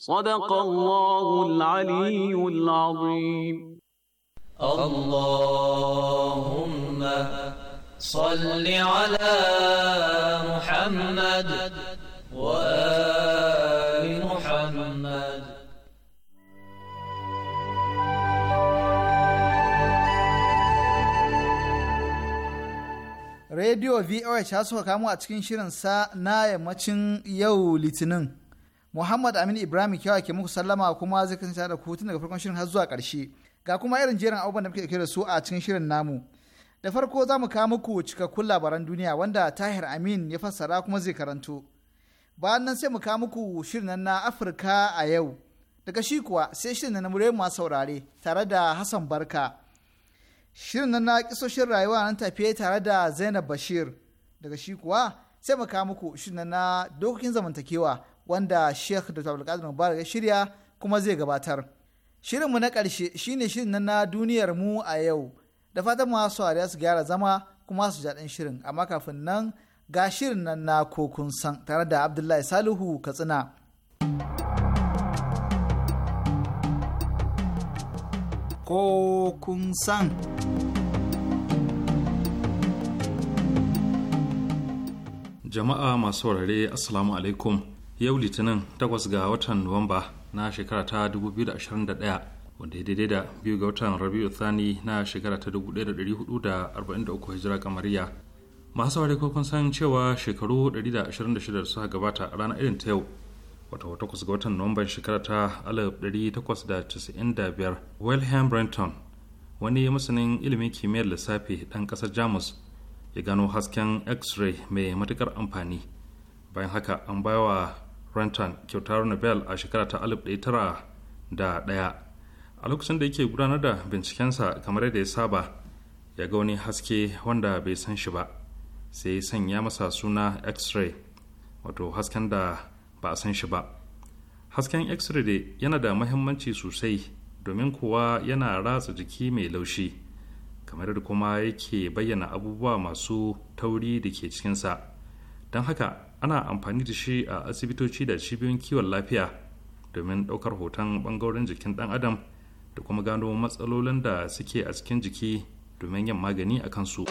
صدق الله العلي العظيم اللهم صل على محمد وآل محمد Radio VOH ya suka kamo a cikin shirin sa na yammacin yau Litinin. Muhammad Amin Ibrahim kyawa ke muku sallama kuma zai kasance da ku tun daga farkon shirin har zuwa ƙarshe. Ga kuma irin jerin abubuwan da muke ɗauke da su a cikin shirin namu. Da farko za mu kawo muku cikakkun labaran duniya wanda Tahir Amin ya fassara kuma zai karanto. Bayan nan sai mu kawo muku shirin na Afirka a yau. Daga shi kuwa sai shirin na murai masu saurare tare da Hassan Barka. Shirin na kisoshin rayuwa nan tafiye tare da Zainab Bashir. Daga shi kuwa sai mu kawo muku shirin na dokokin zamantakewa wanda Sheikh Dr. Abdulkadir Mubarak ya shirya kuma zai gabatar. Shirinmu na ƙarshe shine shirin na duniyar mu a yau. Da fatan masu wariya su gyara zama kuma su jaɗin shirin amma kafin nan ga shirin nan na kokun san tare da Abdullahi Salihu Katsina. Kokun san. Jama'a masu warare Assalamu alaikum. yau litinin 8 ga watan nuwamba na shekara ta 2021 wanda ya daidai da biyu ga watan rabiu thani na shekara ta 1443 hijira kamariya masu saurari ko kun san cewa shekaru 126 suka gabata a ranar irin ta yau wata wata kusa ga watan nuwamban shekara ta 1895 wilhelm brenton wani masanin ilimin kimiyyar lissafi ɗan ƙasar jamus ya gano hasken x-ray mai matuƙar amfani bayan haka an bawa Renton kyautar Nobel a shekara ta ɗaya tara da ɗaya a lokacin da yake gudanar da bincikensa kamar yadda ya saba ya ga wani haske wanda bai san shi ba sai ya sanya masa suna x-ray wato hasken da ba a san shi ba hasken x-ray da yana da mahimmanci sosai domin kuwa yana ratsa jiki mai laushi kamar da kuma yake bayyana abubuwa masu tauri da ke cikinsa don haka ana amfani da shi a asibitoci da cibiyoyin kiwon lafiya domin ɗaukar hoton ɓangaren jikin ɗan adam da kuma gano matsalolin da suke a cikin jiki domin yin magani a kansu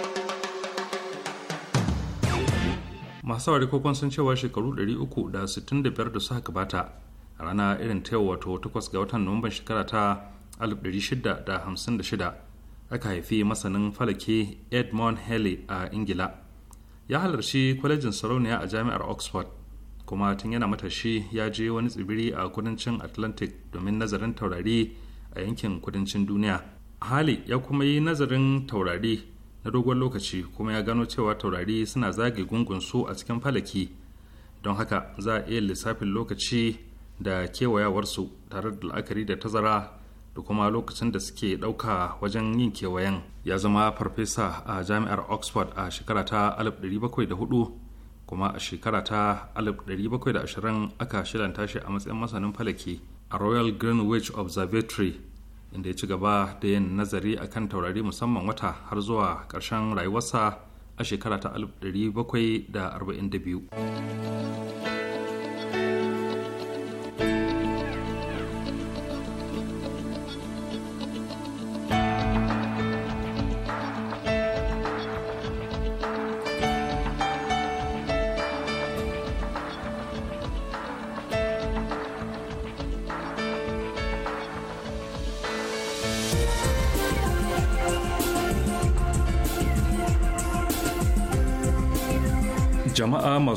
masu saurari kokon sun cewa shekaru 365 da suka gabata a rana irin ta wato 8 ga watan nuwamban shekara ta 1656 aka haifi masanin falake edmond haley a ingila ya halarci kwalejin sarauniya a jami'ar oxford kuma tun yana matashi ya je wani tsibiri a kudancin atlantic domin nazarin taurari a yankin kudancin duniya hali ya kuma yi nazarin taurari na dogon lokaci kuma ya gano cewa taurari suna zage su a cikin falaki don haka za a iya lissafin lokaci da kewayawarsu tare da la'akari da tazara da kuma lokacin da suke ɗauka wajen yin kewayen ya zama farfesa a jami'ar oxford a shekara ta 1704 kuma a shekara ta 1720 aka shilanta shi a matsayin masanin falaki a royal greenwich observatory inda ya ci gaba da yin nazari akan taurari musamman wata har zuwa ƙarshen rayuwarsa a shekara ta 1742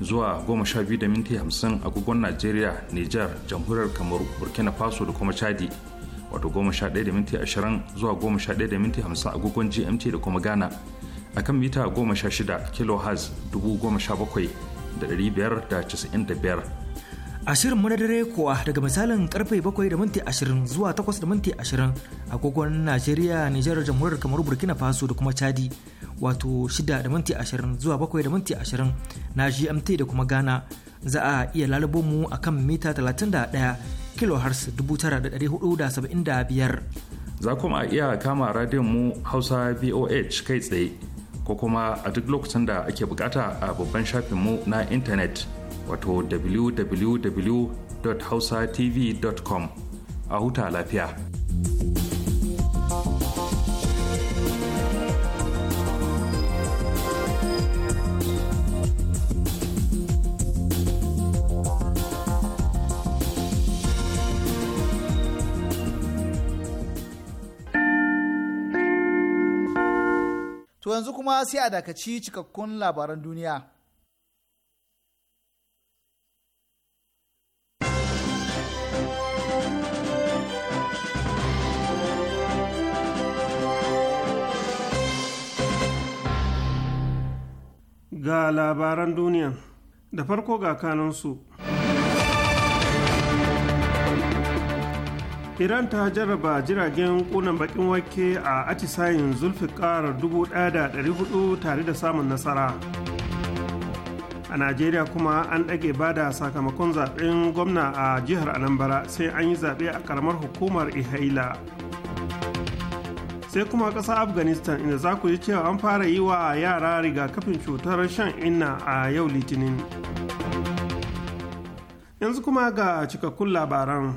zuwa biyu da minti 50 agogon najeriya niger jamhuriyar kamaru burkina faso da kuma chadi wato ɗaya da minti ashirin zuwa ɗaya da minti 50 agogon gmt da kuma ghana a kan mita 16 kilohertz 17,595 A na dare kuwa daga misalin karfe bakwai da minti ashirin zuwa takwas da minti 20 agogon najeriya nijar jamhuriyar kamaru burkina faso da kuma chadi wato 6 da minti 20 zuwa 7 da minti 20 na GMT da kuma Ghana za a iya lalubo mu a kan mita 31 kHz 9475. Za kuma a iya kama radiyon mu Hausa VOH kai tsaye ko kuma a duk lokacin da ake bukata a babban shafinmu na intanet wato www.hausatv.com a huta lafiya. yanzu kuma sai a dakaci cikakkun labaran duniya. Ga labaran duniya da farko ga kanansu. iran ta jarraba jiragen kunan bakin wake a atisayin zulfikar 1400 tare da samun nasara a najeriya kuma an ɗage bada sakamakon zaɓen gwamna a jihar anambra sai an yi zaɓe a ƙaramar hukumar ihaila sai kuma ƙasar afghanistan inda za ku ji cewa an fara yi wa yara rigakafin cutar shan inna a yau litinin yanzu kuma ga cikakkun labaran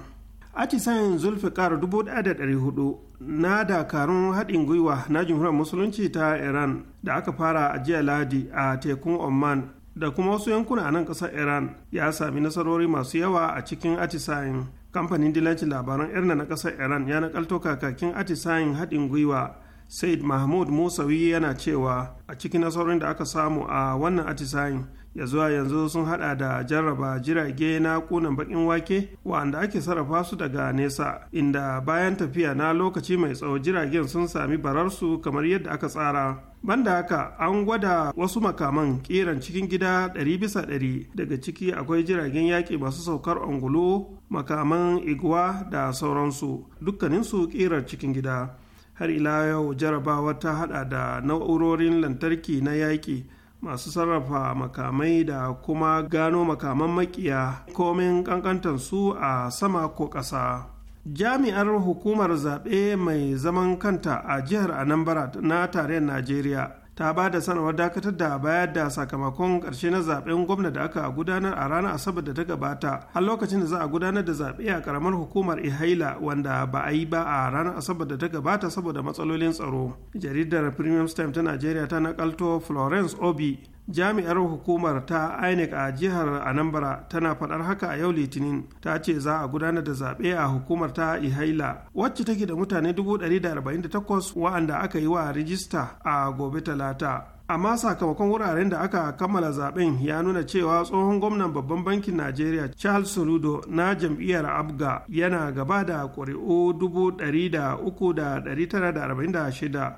atisayen zulfikar 1400 na dakarun haɗin gwiwa na jamhuriyar musulunci ta iran da aka fara a jiya ladi a tekun oman da kuma wasu yankuna a nan ƙasar iran ya sami nasarori masu yawa a cikin atisayen kamfanin dilancin labaran irna na ƙasar iran ya nakalto kakakin atisayen haɗin gwiwa said mahmud musawi yana cewa a cikin nasarorin da aka samu a wannan atisayen ya zuwa yanzu sun hada da jarraba jirage na kunan bakin wake wanda ake sarrafa su daga nesa inda bayan tafiya na lokaci mai tsawo jiragen sun sami bararsu kamar yadda aka tsara banda haka an gwada wasu makaman kiran cikin gida 100 bisa 100 daga ciki akwai jiragen yaƙi masu saukar angulo makaman igwa da sauransu dukkaninsu kiran cikin gida har ila yau jarabawa ta hada da na'urorin lantarki na yaƙi masu sarrafa makamai da kuma gano makaman makiya komin kankantar su a sama ko ƙasa. jami'ar hukumar zaɓe mai zaman kanta a jihar anambra na tarayyar najeriya ta ba da sanarwar dakatar da a bayar da sakamakon ƙarshe na zaben gwamna da aka gudanar a ranar asabar da ta gabata har lokacin da za a gudanar da zaɓe a ƙaramar hukumar ihaila wanda ba a yi ba a ranar asabar da ta gabata saboda matsalolin tsaro jaridar premium stamp ta najeriya ta nakalto florence obi jami'ar hukumar ta inec a jihar anambra tana faɗar haka a yau litinin ta ce za a gudanar da zaɓe a hukumar ta ihaila wacce take da mutane 148 wa'anda aka yi wa rijista a gobe talata amma sakamakon wuraren da aka kammala zaben ya nuna cewa tsohon gwamnan babban bankin najeriya charles soludo na jam'iyyar abga yana gaba da ƙuri'u 346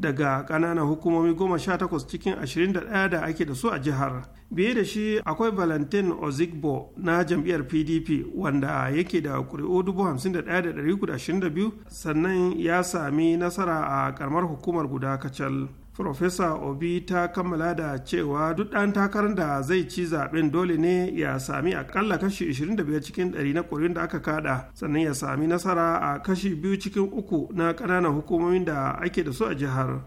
daga kananan hukumomi goma sha takwas cikin ashirin da ɗaya da ake da su a jihar biye da shi akwai valentin ozigbo na jam'iyyar pdp wanda yake da ƙuri'u dubu hamsin da ɗaya da ɗari sannan ya sami nasara a ƙaramar hukumar guda kacal Profesa Obi ta kammala da cewa duk ɗan takarar da zai ci zaɓen dole ne ya sami akalla kashi 25 cikin 100 na ƙuri'un da aka kada sannan ya sami nasara a kashi biyu cikin uku na ƙananan hukumomin da ake da su a jihar.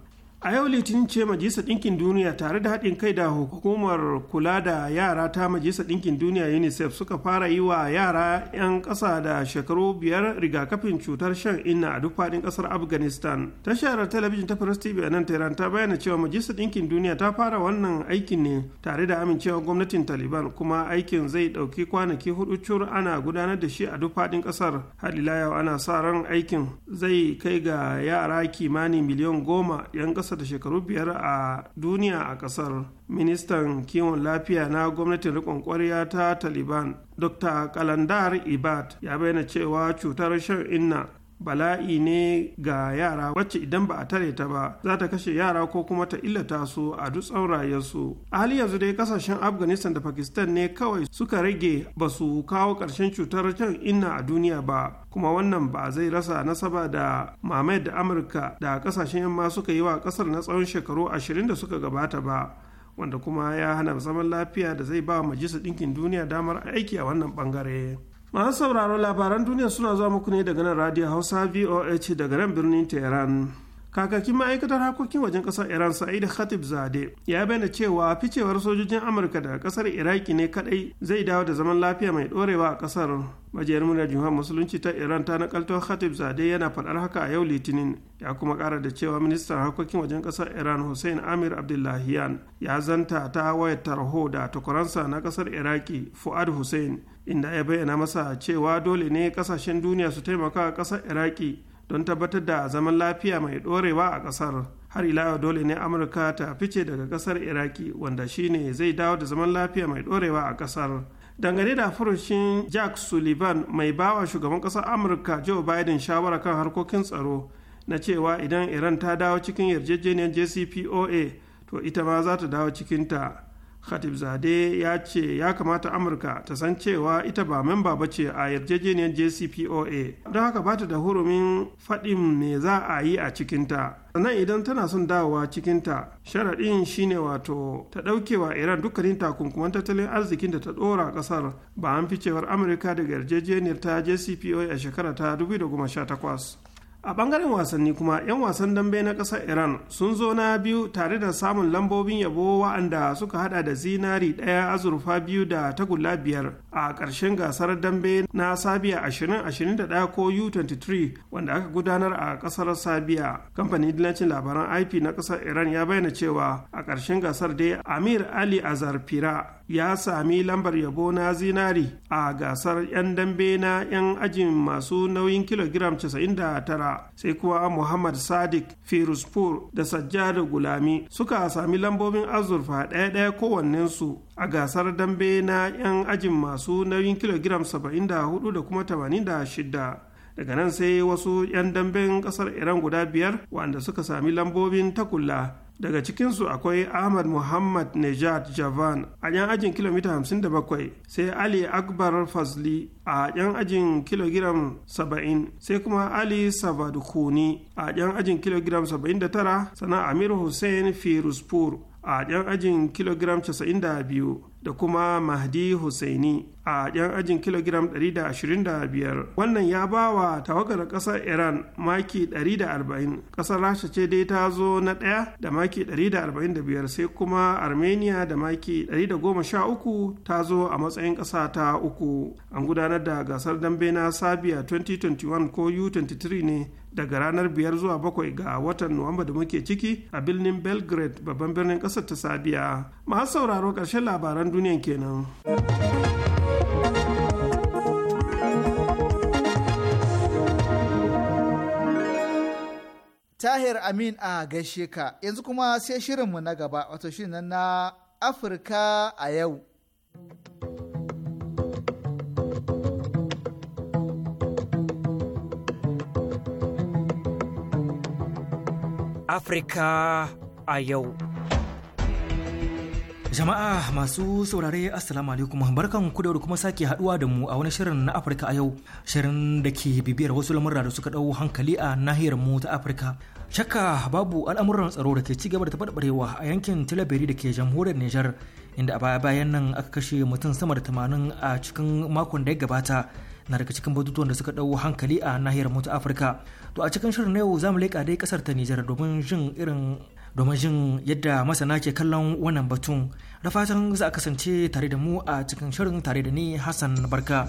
a yau litinin ce majalisar ɗinkin duniya tare da haɗin kai da hukumar kula da yara ta majalisar ɗinkin duniya unicef suka fara yi wa yara 'yan ƙasa da shekaru biyar rigakafin cutar shan inna a duk faɗin ƙasar afghanistan tashar talabijin ta firas tv a nan tehran ta bayyana cewa majalisar ɗinkin duniya ta fara wannan aikin ne tare da amincewa gwamnatin taliban kuma aikin zai ɗauki kwanaki hudu cur ana gudanar da shi a duk faɗin ƙasar har ana sa ran aikin zai kai ga yara kimanin miliyan goma 'yan ƙasa ƙasa da shekaru biyar a duniya a ƙasar ministan kiwon lafiya na gwamnatin riƙon ƙwarya ta taliban dr kalandar ibad ya bayyana cewa cutar shan inna bala'i ne ga yara wacce idan ba a tare ta ba za ta kashe yara ko kuma ta illata su a duk tsaurayarsu a hali yanzu dai kasashen afghanistan da pakistan ne kawai suka rage ba su kawo ƙarshen cutar can inna a duniya ba kuma wannan ba zai rasa nasaba da mamayar da amurka da kasashen yamma suka yi wa kasar na tsawon shekaru ashirin da suka gabata ba wanda kuma ya hana zaman lafiya da zai ba majalisar ɗinkin duniya damar aiki a wannan bangare masu sauraro labaran duniya suna zuwa muku ne daga nan radio hausa voh daga nan birnin tehran kakakin ma'aikatar harkokin wajen kasar iran sa'id khatib zade ya bayyana cewa ficewar sojojin amurka daga kasar iraki ne kadai zai dawo da zaman lafiya mai dorewa a kasar majiyar murar jihar musulunci ta iran ta nakalto khatib zade yana faɗar haka a yau litinin ya kuma ƙara da cewa ministan harkokin wajen kasar iran hussein amir abdullahiyan ya zanta ta wayar tarho da takwaransa na kasar iraki fuad hussein inda ya bayyana masa cewa dole ne kasashen duniya su taimaka a ƙasar iraki don tabbatar da zaman lafiya mai ɗorewa a ƙasar har ila dole ne amurka ta fice daga ƙasar iraki wanda shine zai dawo da zaman lafiya mai ɗorewa a ƙasar dangane da furushin jack sullivan mai bawa shugaban ƙasar amurka joe biden shawara kan harkokin tsaro na cewa idan iran ta dawo cikin yarjejeniyar jcpoa to ita ma za ta dawo cikinta khatibzade ya ce ya kamata amurka ta san cewa ita ba memba ba ce a yarjejeniyar jcpoa don haka ba ta da hurumin faɗin me za a yi a cikinta sannan idan tana son dawowa cikinta sharaɗin shine wato ta ɗaukewa iran dukkanin takunkuman tattalin arzikin da ta ɗora ƙasar ba an ficewar amurka daga yarjejeniyar ta jcpoa a shekara ta 2018 a bangaren wasanni kuma 'yan wasan dambe na ƙasar iran sun zo na biyu tare da samun lambobin yabo wa'anda suka hada da zinari ɗaya azurfa biyu da tagulla biyar a ƙarshen gasar dambe na sabiya 2021 ko u23 wanda aka gudanar a ƙasar sabiya kamfanin dillancin labaran ip na ƙasar iran ya bayyana cewa a ƙarshen gasar dai amir ali azarfira ya sami lambar yabo na zinari a gasar 'yan dambe na 'yan ajin masu nauyin kilogiram 99 sai kuwa muhammad sadiq firuspur da sajjada gulami suka sami lambobin azurfa ɗaya-ɗaya kowannensu a gasar dambe na 'yan ajin masu nauyin kilogiram 74 da kuma 86 daga nan sai wasu 'yan damben ƙasar iran guda biyar wanda suka sami lambobin takulla daga cikinsu akwai ahmad muhammad nejat javan a yan ajin kilomita 57 sai ali akbar fazli a yan ajin kilogiram 70 sai kuma ali sabadukuni a yan ajin kilogiram 79 sana amir hussein firuspur a yan ajin kilogiram 92 da kuma mahdi hussaini a 'yan ajin kilogiram 125 wannan ya ba wa tawagar ƙasar iran maki 140 kasar rasha ce dai ta zo na ɗaya da maki 145 sai kuma armenia da maki 113 ta zo a matsayin ƙasa ta uku an gudanar da gasar dambe na sabia 2021 ko u23 ne daga ranar biyar zuwa bakwai ga watan nuwamba da muke ciki a birnin belgrade babban birnin kasar ta sabiya masu sauraro ƙarshen labaran duniyan kenan. Tahir Amin a gaishe ka yanzu kuma sai shirinmu na gaba wato shirin na Afirka a yau. Afrika a yau. Jama'a masu saurare Assalamu alaikum barkan ku da kuma sake haduwa da mu a wani shirin na Afirka a yau shirin da ke bibiyar wasu lamurra da suka dau hankali a nahiyar mu ta Afirka. Shakka babu al'amuran tsaro da ke cigaba da tabarbarewa a yankin Tilaberi da ke jamhuriyar Nijar inda a baya bayan nan aka kashe mutum sama da 80 a cikin makon da ya gabata na daga cikin batutuwan da suka ɗau hankali a nahiyar mota afirka to a cikin shirin na yau za mu leƙa dai ƙasar ta nijar domin jin irin domin jin yadda masana ke kallon wannan batun da fatan za a kasance tare da mu a cikin shirin tare da ni hassan barka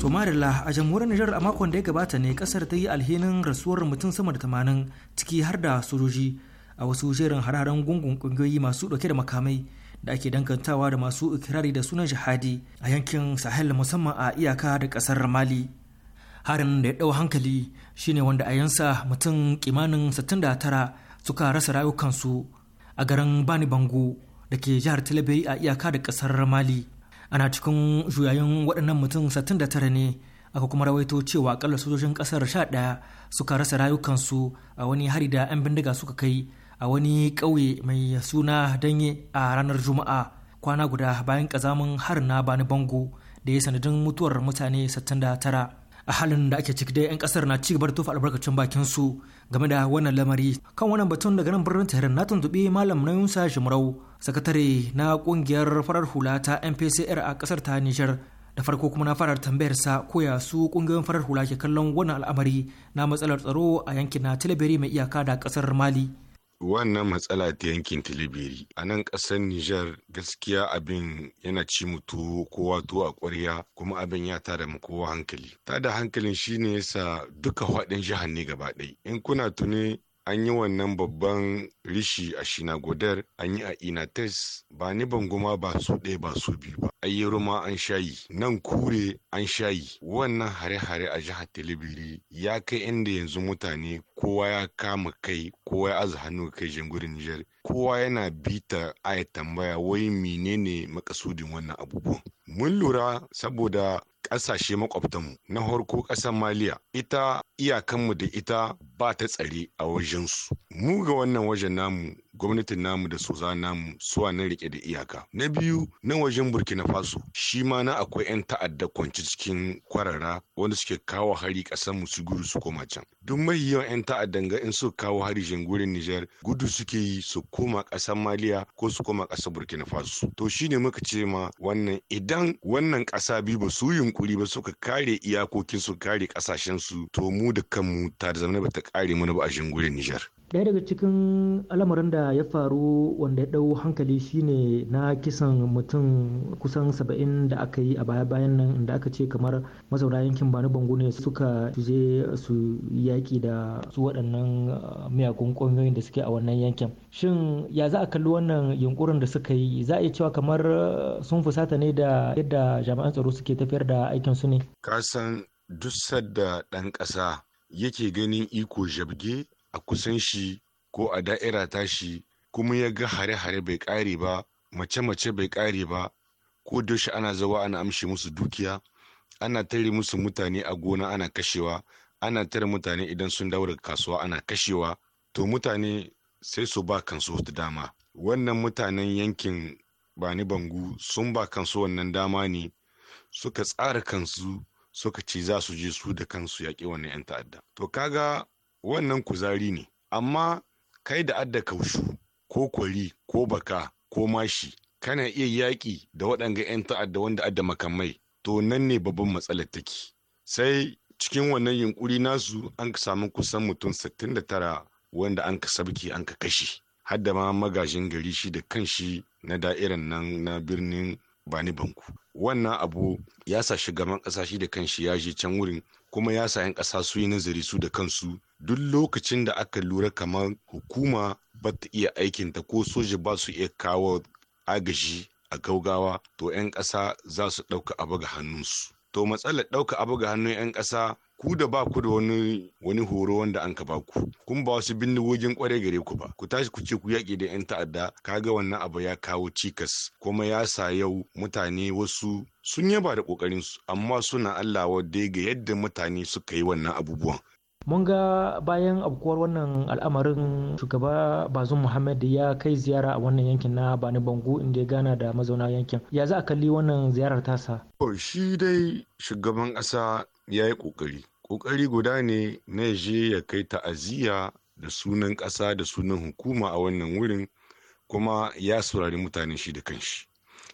to marilla a jamhuriyar nijar a makon da ya gabata ne kasar ta yi alhinin rasuwar mutum sama da tamanin ciki har da sojoji a wasu jerin hararen gungun kungiyoyi masu dauke da makamai da ake dangantawa da masu ikirari da sunan shahadi a yankin sahel musamman a iyaka da kasar mali harin da ya ɗau hankali shine wanda a yansa mutum kimanin 69 suka rasa rayukansu a garin bani bango da ke jihar talabiri a iyaka da kasar mali ana cikin juyayin waɗannan mutum 69 ne aka kuma rawaito cewa akalla sojojin ƙasar 11 suka rasa rayukansu a wani hari da 'yan bindiga suka kai a wani ƙauye mai suna danye a ranar juma'a kwana guda bayan ƙazamin harin na bani bango da ya sanadin mutuwar mutane 69 a halin da ake ciki dai 'yan kasar na cigaba gaba da tofa albarkacin bakin su game da wannan lamari kan wannan batun daga nan birnin tehran na tuntuɓi malam na yunsa shimrau sakatare na kungiyar farar hula ta npcr a kasar ta nijar da farko kuma na farar tambayar sa koya su kungiyar farar hula ke kallon wannan al'amari na matsalar tsaro a yankin na tilaberi mai iyaka da kasar mali wannan matsala ta yankin tilibiri a nan ƙasar Nijar, gaskiya abin yana ci mutu kowa to a ƙwarya kuma abin ya tada mu kowa hankali tada hankalin shine yasa duka faɗin jihar ne gaba ɗaya in kuna tuni an yi wannan babban rishi a shinagodar an yi a inates ba ni banguma ba su ɗaya ba su biyu ba ayyero ma an shayi nan kure an shayi wannan hare-hare a jihar talibiri ya kai inda yanzu mutane kowa ya kama kai kowa ya aza hannu kai jangurin nijar kowa yana bita aya tambaya wai menene makasudin wannan abubuwan mun lura saboda ƙasashe makwabtanmu na harko ƙasar maliya ita iyakanmu da ita ba ta tsare a wajensu mu ga wannan wajen namu gwamnatin namu da soza namu suwa na rike da iyaka na biyu na wajen burkina faso shi ma na akwai 'yan ta'adda kwanci cikin kwarara wanda suke kawo hari ƙasar mu su gudu su koma can duk mai yawan 'yan ta'addan ga in su kawo hari gurin nijar gudu suke yi su koma ƙasar maliya ko su koma ƙasar burkina faso to shine muka ce ma wannan idan idan wannan ƙasa biyu ba su yunkuri ba suka kare iyakokin su kare ƙasashen su to mu da kanmu ta da zama ba ta kare mana ba a shingurin Nijar. ɗaya daga cikin al'amarin da ya faru wanda ya ɗau hankali shine na kisan mutum kusan saba'in da aka yi a baya-bayan nan inda aka ce kamar mazauna yankin bani bango ne suka je su yaƙi da su waɗannan ah, miyagun ƙungiyoyin da suke a wannan yankin shin ya za a kalli wannan yunkurin da suka yi za a iya cewa kamar ah, sun fusata ne da yadda jami'an tsaro suke tafiyar da aikin su ne kasan san duk sadda ɗan ƙasa yake ganin iko jabge a kusan shi ko a da'ira shi kuma ya ga hare-hare bai ƙare ba mace-mace bai ƙare ba ko yaushe ana zawa ana amshe musu dukiya ana tare musu mutane a gona ana kashewa ana tare mutane idan sun dawo daga kasuwa ana kashewa to mutane sai su ba kansu wata dama wannan mutanen yankin bani bangu sun ba kansu wannan dama ne suka tsara kansu suka ce za su je su da kansu yaƙi wannan 'yan ta'adda to kaga wannan kuzari ne amma kai da adda kaushu ko kwari ko baka ko mashi kana iya yaƙi da waɗanga 'yan ta'adda wanda adda makamai to nan ne babban matsalar take sai cikin wannan yunƙuri nasu an samu kusan mutum 69 wanda an ka sabki an ka kashe har da ma magajin gari shi da kanshi na da'iran nan na birnin bani banku wannan abu ya sa shugaban ƙasa shi da kanshi ya je can wurin kuma ya sa 'yan ƙasa su yi nazari su da kansu duk lokacin da aka lura kamar hukuma ba ta iya aikinta ko soja ba su iya kawo agaji a gaugawa to 'yan ƙasa za su ɗauka abu ga hannunsu to matsalar ɗauka abu ga hannun 'yan ƙasa ku da ba ku da wani horo wanda an ka ba ku kun ba wasu bindigogin kwarai gare ku ba ku tashi ku ce ku yaƙi da 'yan ta'adda kaga wannan abu ya kawo cikas kuma ya sa yau mutane wasu sun yaba da ƙoƙarinsu amma suna Allah dai ga yadda mutane suka yi wannan abubuwan mun ga bayan abkuwar wannan al'amarin shugaba bazum muhammad ya kai ziyara a wannan yankin na bani bango inda ya gana da mazauna yankin ya za a kalli wannan ziyarar tasa shi dai shugaban ƙasa ya yi ƙoƙari ƙoƙari guda ne na je ya kai ta'aziyya da sunan ƙasa da sunan hukuma a wannan wurin kuma ya saurari mutane shi da kanshi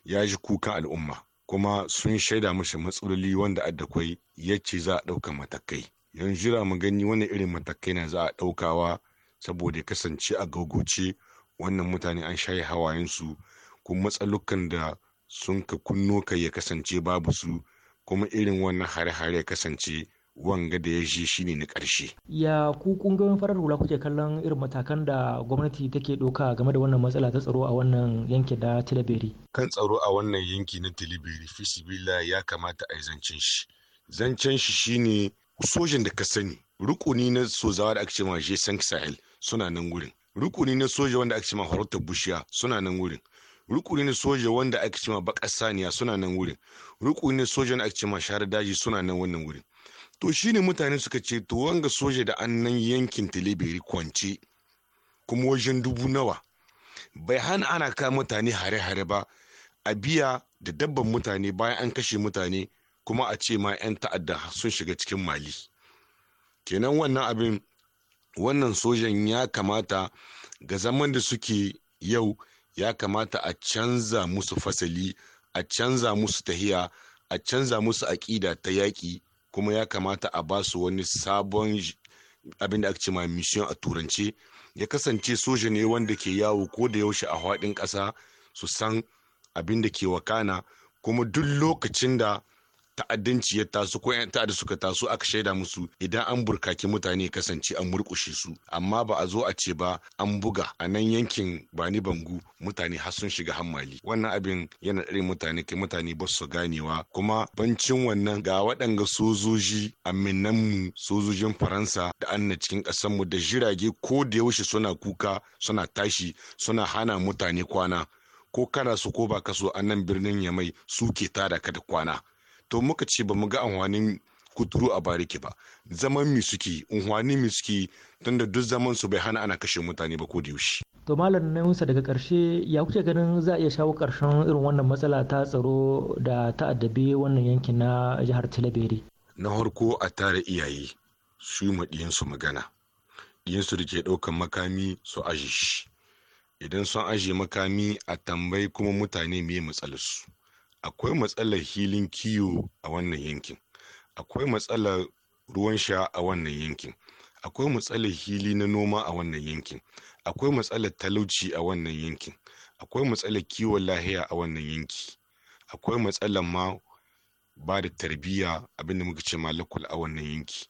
ya ji kuka al'umma kuma sun shaida mashi matsaloli wanda addakwai ya ce za a ɗauka matakai yan jira mu gani wani irin matakai na za a ɗaukawa saboda ya kasance a gaugoce wannan mutane an shaye hawayensu kuma matsalukan da sun ka kunno kai ya kasance babu su kuma irin wannan hare-hare ya kasance wanga da ya shi shine na ƙarshe. Ya ku ƙungiyoyin farar hula kuke kallon irin matakan da gwamnati take ɗauka game da wannan matsala ta tsaro a wannan yanki da Tilibiri? Kan tsaro a wannan yanki na Tilibiri, fisibila ya kamata a yi zancen shi. Zancen shi shine sojan da ka sani rukuni na sojawa da aka ce ma jesan sahel suna nan wurin rukuni na soja wanda aka ce ma horta bushiya suna nan wurin rukuni na soja wanda aka ce ma bakar saniya suna nan wurin rukuni na soja wanda aka ce ma shahar daji suna nan wannan wurin to shine mutane suka ce to wanga soja da an nan yankin tilibiri kwance kuma wajen dubu nawa bai hana ana kai mutane hare-hare ba a biya da dabban mutane bayan an kashe mutane kuma a ce ma 'yan ta'adda sun shiga cikin mali kenan wannan abin wannan sojan ya kamata ga zaman da suke yau ya kamata a canza musu fasali a canza musu tahiya a canza musu aƙida ta yaƙi kuma ya kamata a ba su wani sabon abin da aka ce ma mission a turance ya kasance soja ne wanda ke yawo ko da yaushe a haɗin ƙasa su san abin da ke wakana kuma duk lokacin da ta'addanci ya taso ko 'yan ta'adda suka taso aka shaida musu idan an burkaki mutane kasance an murkushe su amma ba a zo a ce ba an buga a nan yankin bani bangu mutane har sun shiga hammali wannan abin yana ɗari mutane kai mutane ba su ganewa kuma bancin wannan ga waɗanga sojoji aminan mu sojojin faransa da an cikin ƙasar mu da jirage ko da yaushe suna kuka suna tashi suna hana mutane kwana ko kana su ko ba ka so a nan birnin yamai suke tada ka da kwana to muka ce ba mu ga anwanin kuturu a bariki ba zaman mi suke unhwani mi suke tunda duk zaman su bai hana ana kashe mutane ba ko da yaushe to malam na yunsa daga karshe ya kuke ganin za a iya shawo karshen irin wannan matsala ta tsaro da ta addabi wannan yankin na jihar talabere na farko a tare iyaye su yi diyansu magana diyansu da ke ɗaukan makami su aje shi idan sun ajiye makami a tambayi kuma mutane me matsalarsu akwai matsalar hilin kiwo a wannan yankin akwai matsalar ruwan sha a wannan yankin akwai matsalar hili na noma a wannan yankin akwai matsalar talauci a wannan yankin akwai matsalar kiwon lahiya a wannan yanki akwai matsalar ma ba da tarbiyya abinda muka ce malakul a wannan yanki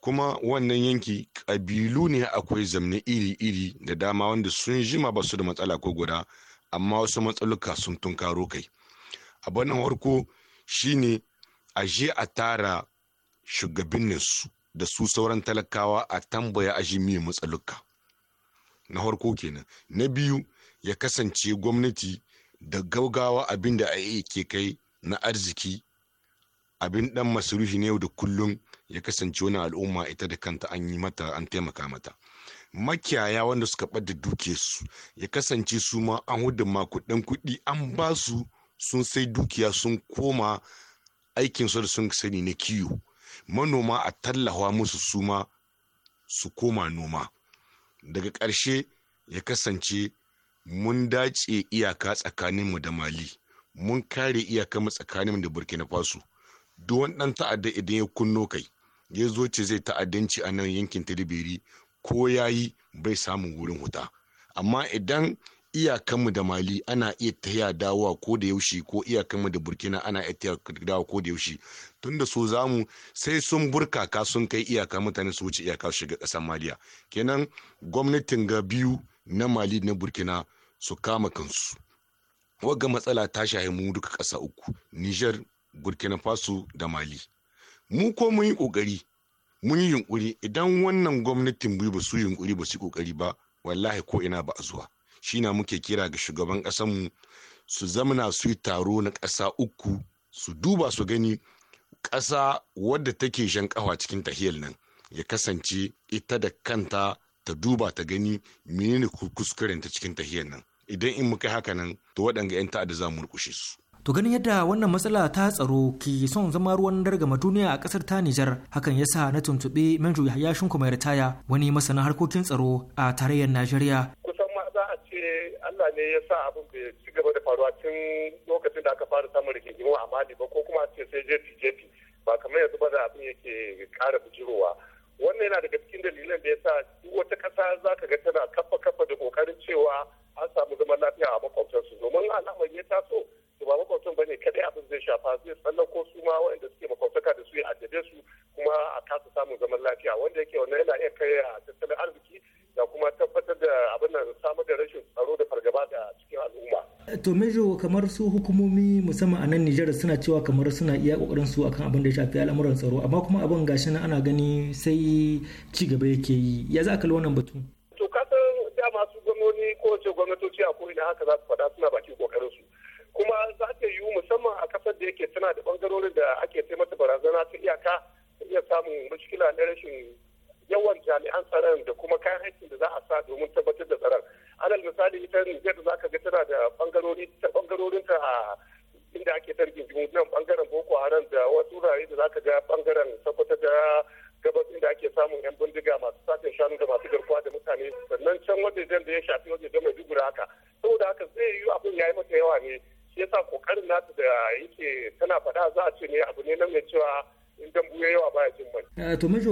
kuma wannan yanki ƙabilu ne akwai zamne iri-iri da dama wanda sun jima ba su da matsala ko guda amma wasu matsaluka sun tunkaro kai abu na farko shine a je a tara shugabanninsu da su sauran talakawa a tambaya a ji miye matsaluka na harko kenan na biyu ya kasance gwamnati da gaugawa abin da a ke kai na arziki abin dan masarufi ne yau da kullum ya kasance wani al'umma ita da kanta an yi mata an taimaka mata makiyaya wanda suka ɓadda dukiyarsu ya kasance su ma an hudun makudin kuɗi an ba su sun sai dukiya sun koma aikinsu da sun sani na kiwo manoma a tallafa musu suma su koma noma daga ƙarshe ya kasance mun dace iyaka tsakaninmu da mali mun kare iyaka mu tsakaninmu da burkina faso duk wani ɗan ta'adda idan ya kunno kai ya zo ce zai ta'addanci a nan yankin tilibiri ko yayi bai samun wurin huta amma idan iyakanmu da mali ana iya tahiya dawowa ko da yaushe ko iyakanmu da burkina ana iya tahiya dawowa ko da yaushe tunda da so zamu sai sun burkaka sun kai iyaka mutane su wuce iyaka su shiga ƙasar maliya kenan gwamnatin ga biyu na mali na burkina su kama kansu wagga matsala ta shahi mu duka kasa uku niger burkina faso da mali mu ko mun yi ƙoƙari mun yi yunƙuri idan wannan gwamnatin biyu ba su yunƙuri ba su ƙoƙari ba wallahi ko ina ba a zuwa shi na muke kira ga shugaban ƙasanmu su zamana su yi taro na kasa uku su duba su gani ƙasa wadda take shan ƙawa cikin tahiyar nan ya kasance ita da kanta ta duba ta gani menene kuskuren ta cikin tahiyar nan idan in muka haka nan to waɗanga 'yan ta'adda za mu rukushe su To ganin yadda wannan matsala ta tsaro ke son zama ruwan dargama duniya a kasar ta Nijar hakan ya sa na tuntuɓe Manjo Yahaya Shinku mai ritaya wani masanin harkokin tsaro a tarayyar Najeriya. ce Allah ne ya sa abin bai ci gaba da faruwa tun lokacin da aka fara samun rigingimu a Mali ba ko kuma ce sai jefi jefi ba kamar yanzu ba da abin yake kara bujirowa wannan yana daga cikin dalilan da ya sa duk wata kasa za ka ga tana kafa kafa da kokarin cewa an samu zaman lafiya a makwabtansu domin alamar ya taso to ba makwabtan ba ne kadai abin zai shafa zai sannan ko su ma waɗanda suke makwabtaka da su ya addabe su kuma a kasa samun zaman lafiya wanda yake wannan yana iya kai a tattalin arziki da kuma tabbatar da abin da samar da rashin tsaro da fargaba da cikin al'umma. To Mejo kamar su hukumomi musamman a nan Nijar suna cewa kamar suna iya kokarin su akan abin da ya shafi al'amuran tsaro amma kuma abin gashi nan ana gani sai ci gaba yake yi ya za ka wannan batu. To ka san da masu gwamnoni ko ce gwamnatoci a ko'ina haka za su faɗa suna baki kokarin su. Kuma za ta yiwu musamman a kasar da yake tana da bangarorin da ake taimaka barazana ta iyaka ta iya samun mashkila na rashin yawan jami'an tsaron da kuma kayan aikin da za a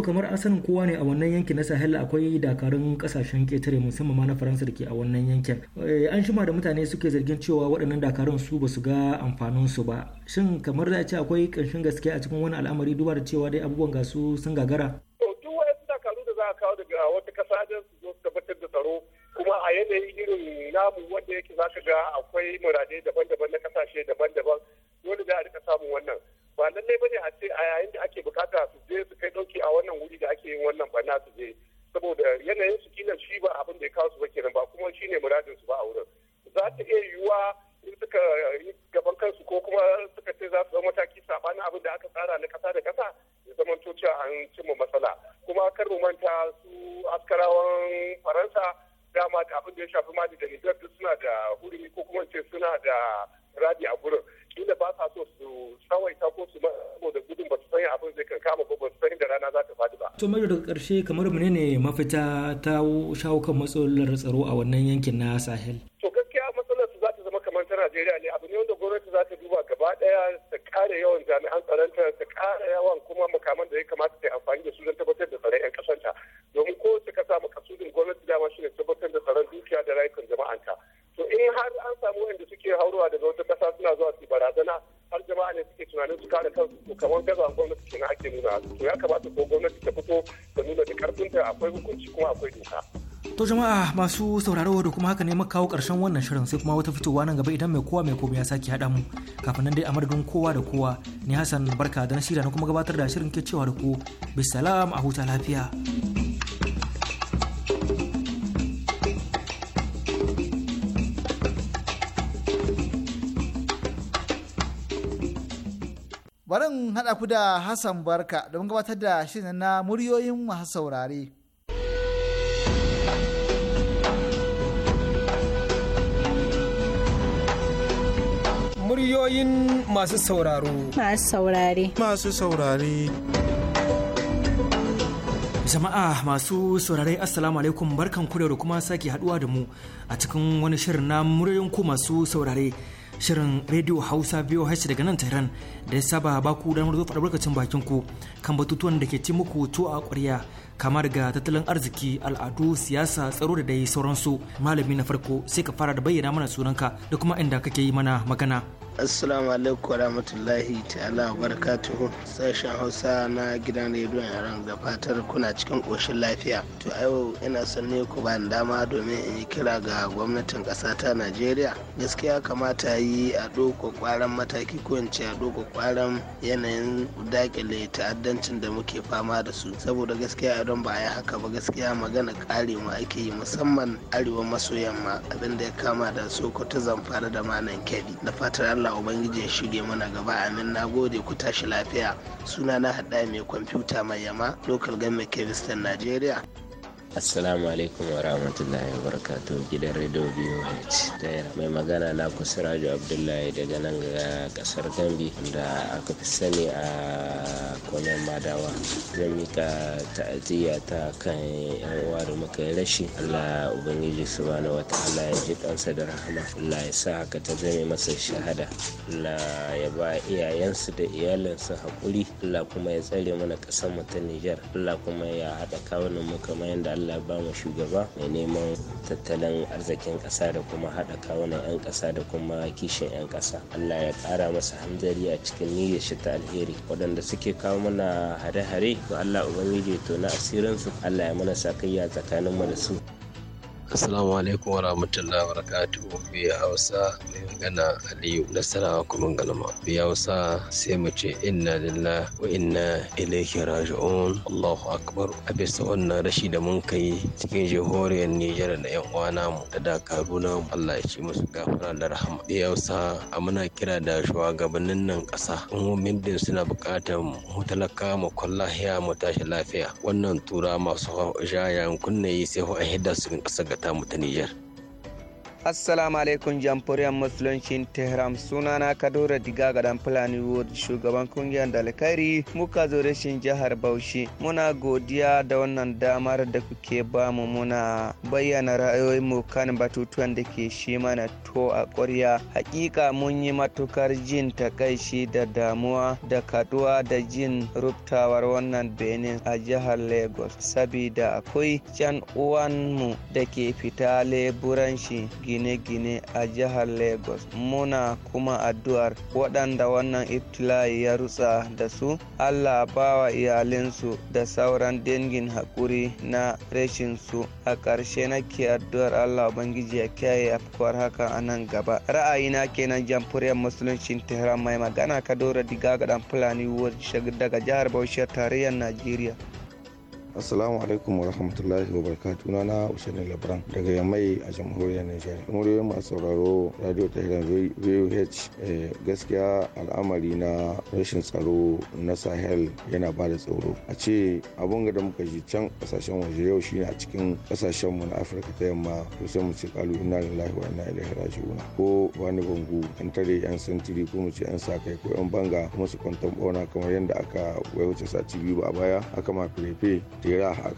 kamar asanin kowa ne a wannan yankin na sahel akwai dakarun kasashen ketare musamman ma na faransa da ke a wannan yankin eh, an shima da mutane suke zargin cewa waɗannan dakarun su ba su ga amfanin su ba shin kamar za a ce akwai ƙarshen gaske a cikin wani al'amari duba da cewa dai abubuwan gasu sun gagara ƙarshe kamar menene mafita ta shawo kan matsalar tsaro a wannan yankin na sahel tunanin su kare kansu to kamar gaza gwamnati kenan ake nuna to ya kamata ko gwamnati ta fito ta nuna da karfinta akwai hukunci kuma akwai doka To jama'a masu sauraro da kuma haka ne muka kawo karshen wannan shirin sai kuma wata fitowa nan gaba idan mai kowa mai komai ya sake haɗa mu kafin nan dai a madadin kowa da kowa ni Hassan barka da na na kuma gabatar da shirin ke cewa da ku bisalam a huta lafiya. bari in haɗa ku da Hassan Barka don gabatar da shirin na muryoyin masu saurare. Muryoyin masu sauraro. Masu saurare. Masu saurare. Jama'a masu saurare Assalamu alaikum barkan ku da kuma sake haduwa da mu a cikin wani shirin na muryoyin ku masu saurare. shirin radio hausa biyu hashi daga nan tehran da ya saba ba ku damar zo albarkacin bakin ku kan batutuwan da ke ci muku to a ƙwarya kama daga tattalin arziki al'adu siyasa tsaro da dai sauransu malami na farko sai ka fara da bayyana mana sunanka da kuma inda kake yi mana magana assalamu alaikum wa rahmatullahi ta'ala wa barakatuhu sashen hausa na gidan rediyon yaran da fatar kuna cikin koshin lafiya to yau ina son ne ku bani dama domin in yi kira ga gwamnatin ƙasa ta najeriya gaskiya kamata yi a ɗoko ƙwarar mataki ko in ce a ɗoko ƙwarar yanayin daƙile ta'addancin da muke fama da su saboda gaskiya idan ba a yi haka ba gaskiya magana ƙare mu ake yi musamman arewa maso yamma abinda ya kama da sokoto zamfara da manan kebbi da fatar allah ubangiji ya shirya mana gaba amin na gode ku tashi lafiya suna na haɗa mai kwamfuta mai yama local government kevistan nigeria Assalamu alaikum wa rahmatullahi wa barakatuh gidan Radio VOH. Tayar mai magana na rajo Abdullahi daga nan ga kasar Gambi da aka fi sani a kwanan madawa. Zan mika ta'aziyya ta kan yan uwa da muka yi rashi. Allah Ubangiji bani wata. Allah ya ji kansa da rahama. Allah ya sa haka ta zame masa shahada. Allah ya ba iyayensu da iyalinsu haƙuri. Allah kuma ya tsare mana ƙasar mu ta Nijar. Allah kuma ya haɗa kawunan mu kamar yadda allah ba mu shugaba mai neman tattalin arzikin ƙasa da kuma haɗa kawunan 'yan ƙasa da kuma kishin 'yan ƙasa allah ya ƙara masa hanzari a cikin niyyar shi ta alheri waɗanda suke kawo mana hare-hare to allah ubangiji to na asirin allah ya mana sakayya tsakanin mu da su Assalamu alaikum wa rahmatullahi wa barakatuhu biya Hausa mai magana Aliyu Nasarawa kuma Biya Hausa sai mu ce inna lillahi wa inna ilaihi raji'un Allahu akbar. A bisa wannan rashi da mun kai cikin jihoriyar Nijar da yan uwana namu da dakaru na Allah ya ci musu gafara da rahama. Biya Hausa a muna kira da shugabannin nan ƙasa. Mun din suna buƙatar mu talaka mu kwallahiya mu tashi lafiya. Wannan tura masu jaya kunne sai a hidda su ƙasa ka tamu ta Nijar. assalamu alaikum jamhuriyar musuluncin tehran sunana kadura diga ga dan fulani wood shugaban kungiyar dalkari muka zo rashin jihar bauchi muna godiya da wannan damar da kuke bamu muna bayyana ra'ayoyinmu kan batutuwan da ke shi mana to a ƙwarya hakika mun yi matukar jin takaici da damuwa da kaduwa da jin ruptawar wannan benin a jihar lagos sabida akwai can mu da ke fita leburanci gine-gine a jihar lagos muna kuma addu'ar waɗanda wannan iftila'i ya rutsa da su allah bawa iyalinsu da sauran dangin haƙuri na rashin su a ƙarshe nake addu'ar allah ubangiji ya kiyaye afkuwar haka a nan gaba ra'ayina kenan jamhuriyar musuluncin tehran mai magana kadora diga ga dan fulani daga jihar bauchi tarayyar najeriya assalamu alaikum wa rahmatullahi wa na na usaini Lebron daga yamai a jamhuriyar nijar muryoyin masu sauraro radio ta hiran voh eh, gaskiya al'amari na rashin tsaro na sahel yana ba da tsoro a ce abun da muka ji can kasashen waje yau shi a cikin kasashenmu na afirka ta yamma to sai mu ce kalu ina lillahi wa inna ilaihi raji'un ko wani bangu an tare yan santiri ko mu ce yan sa ko yan banga kuma su kwantar bauna kamar yadda aka wai wuce sati biyu ba a baya aka ma filefe tera a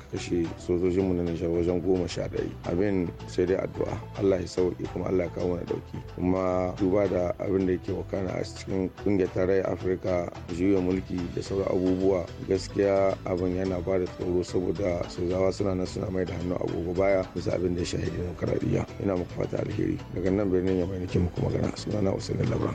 sojojin mu na Nijar wajen goma sha ɗari abin sai dai addu'a Allah ya sauke kuma Allah ya kawo mana ɗauki kuma duba da abin da yake wakana a cikin kungiyar tarayyar Afirka juya mulki da sauran abubuwa gaskiya abin yana ba da tsoro saboda sojawa suna nan suna mai da hannu gobe baya bisa abin da ya shahi demokaradiyya ina muku fata alheri daga nan birnin yamai nake muku magana sunana Usaini Labran.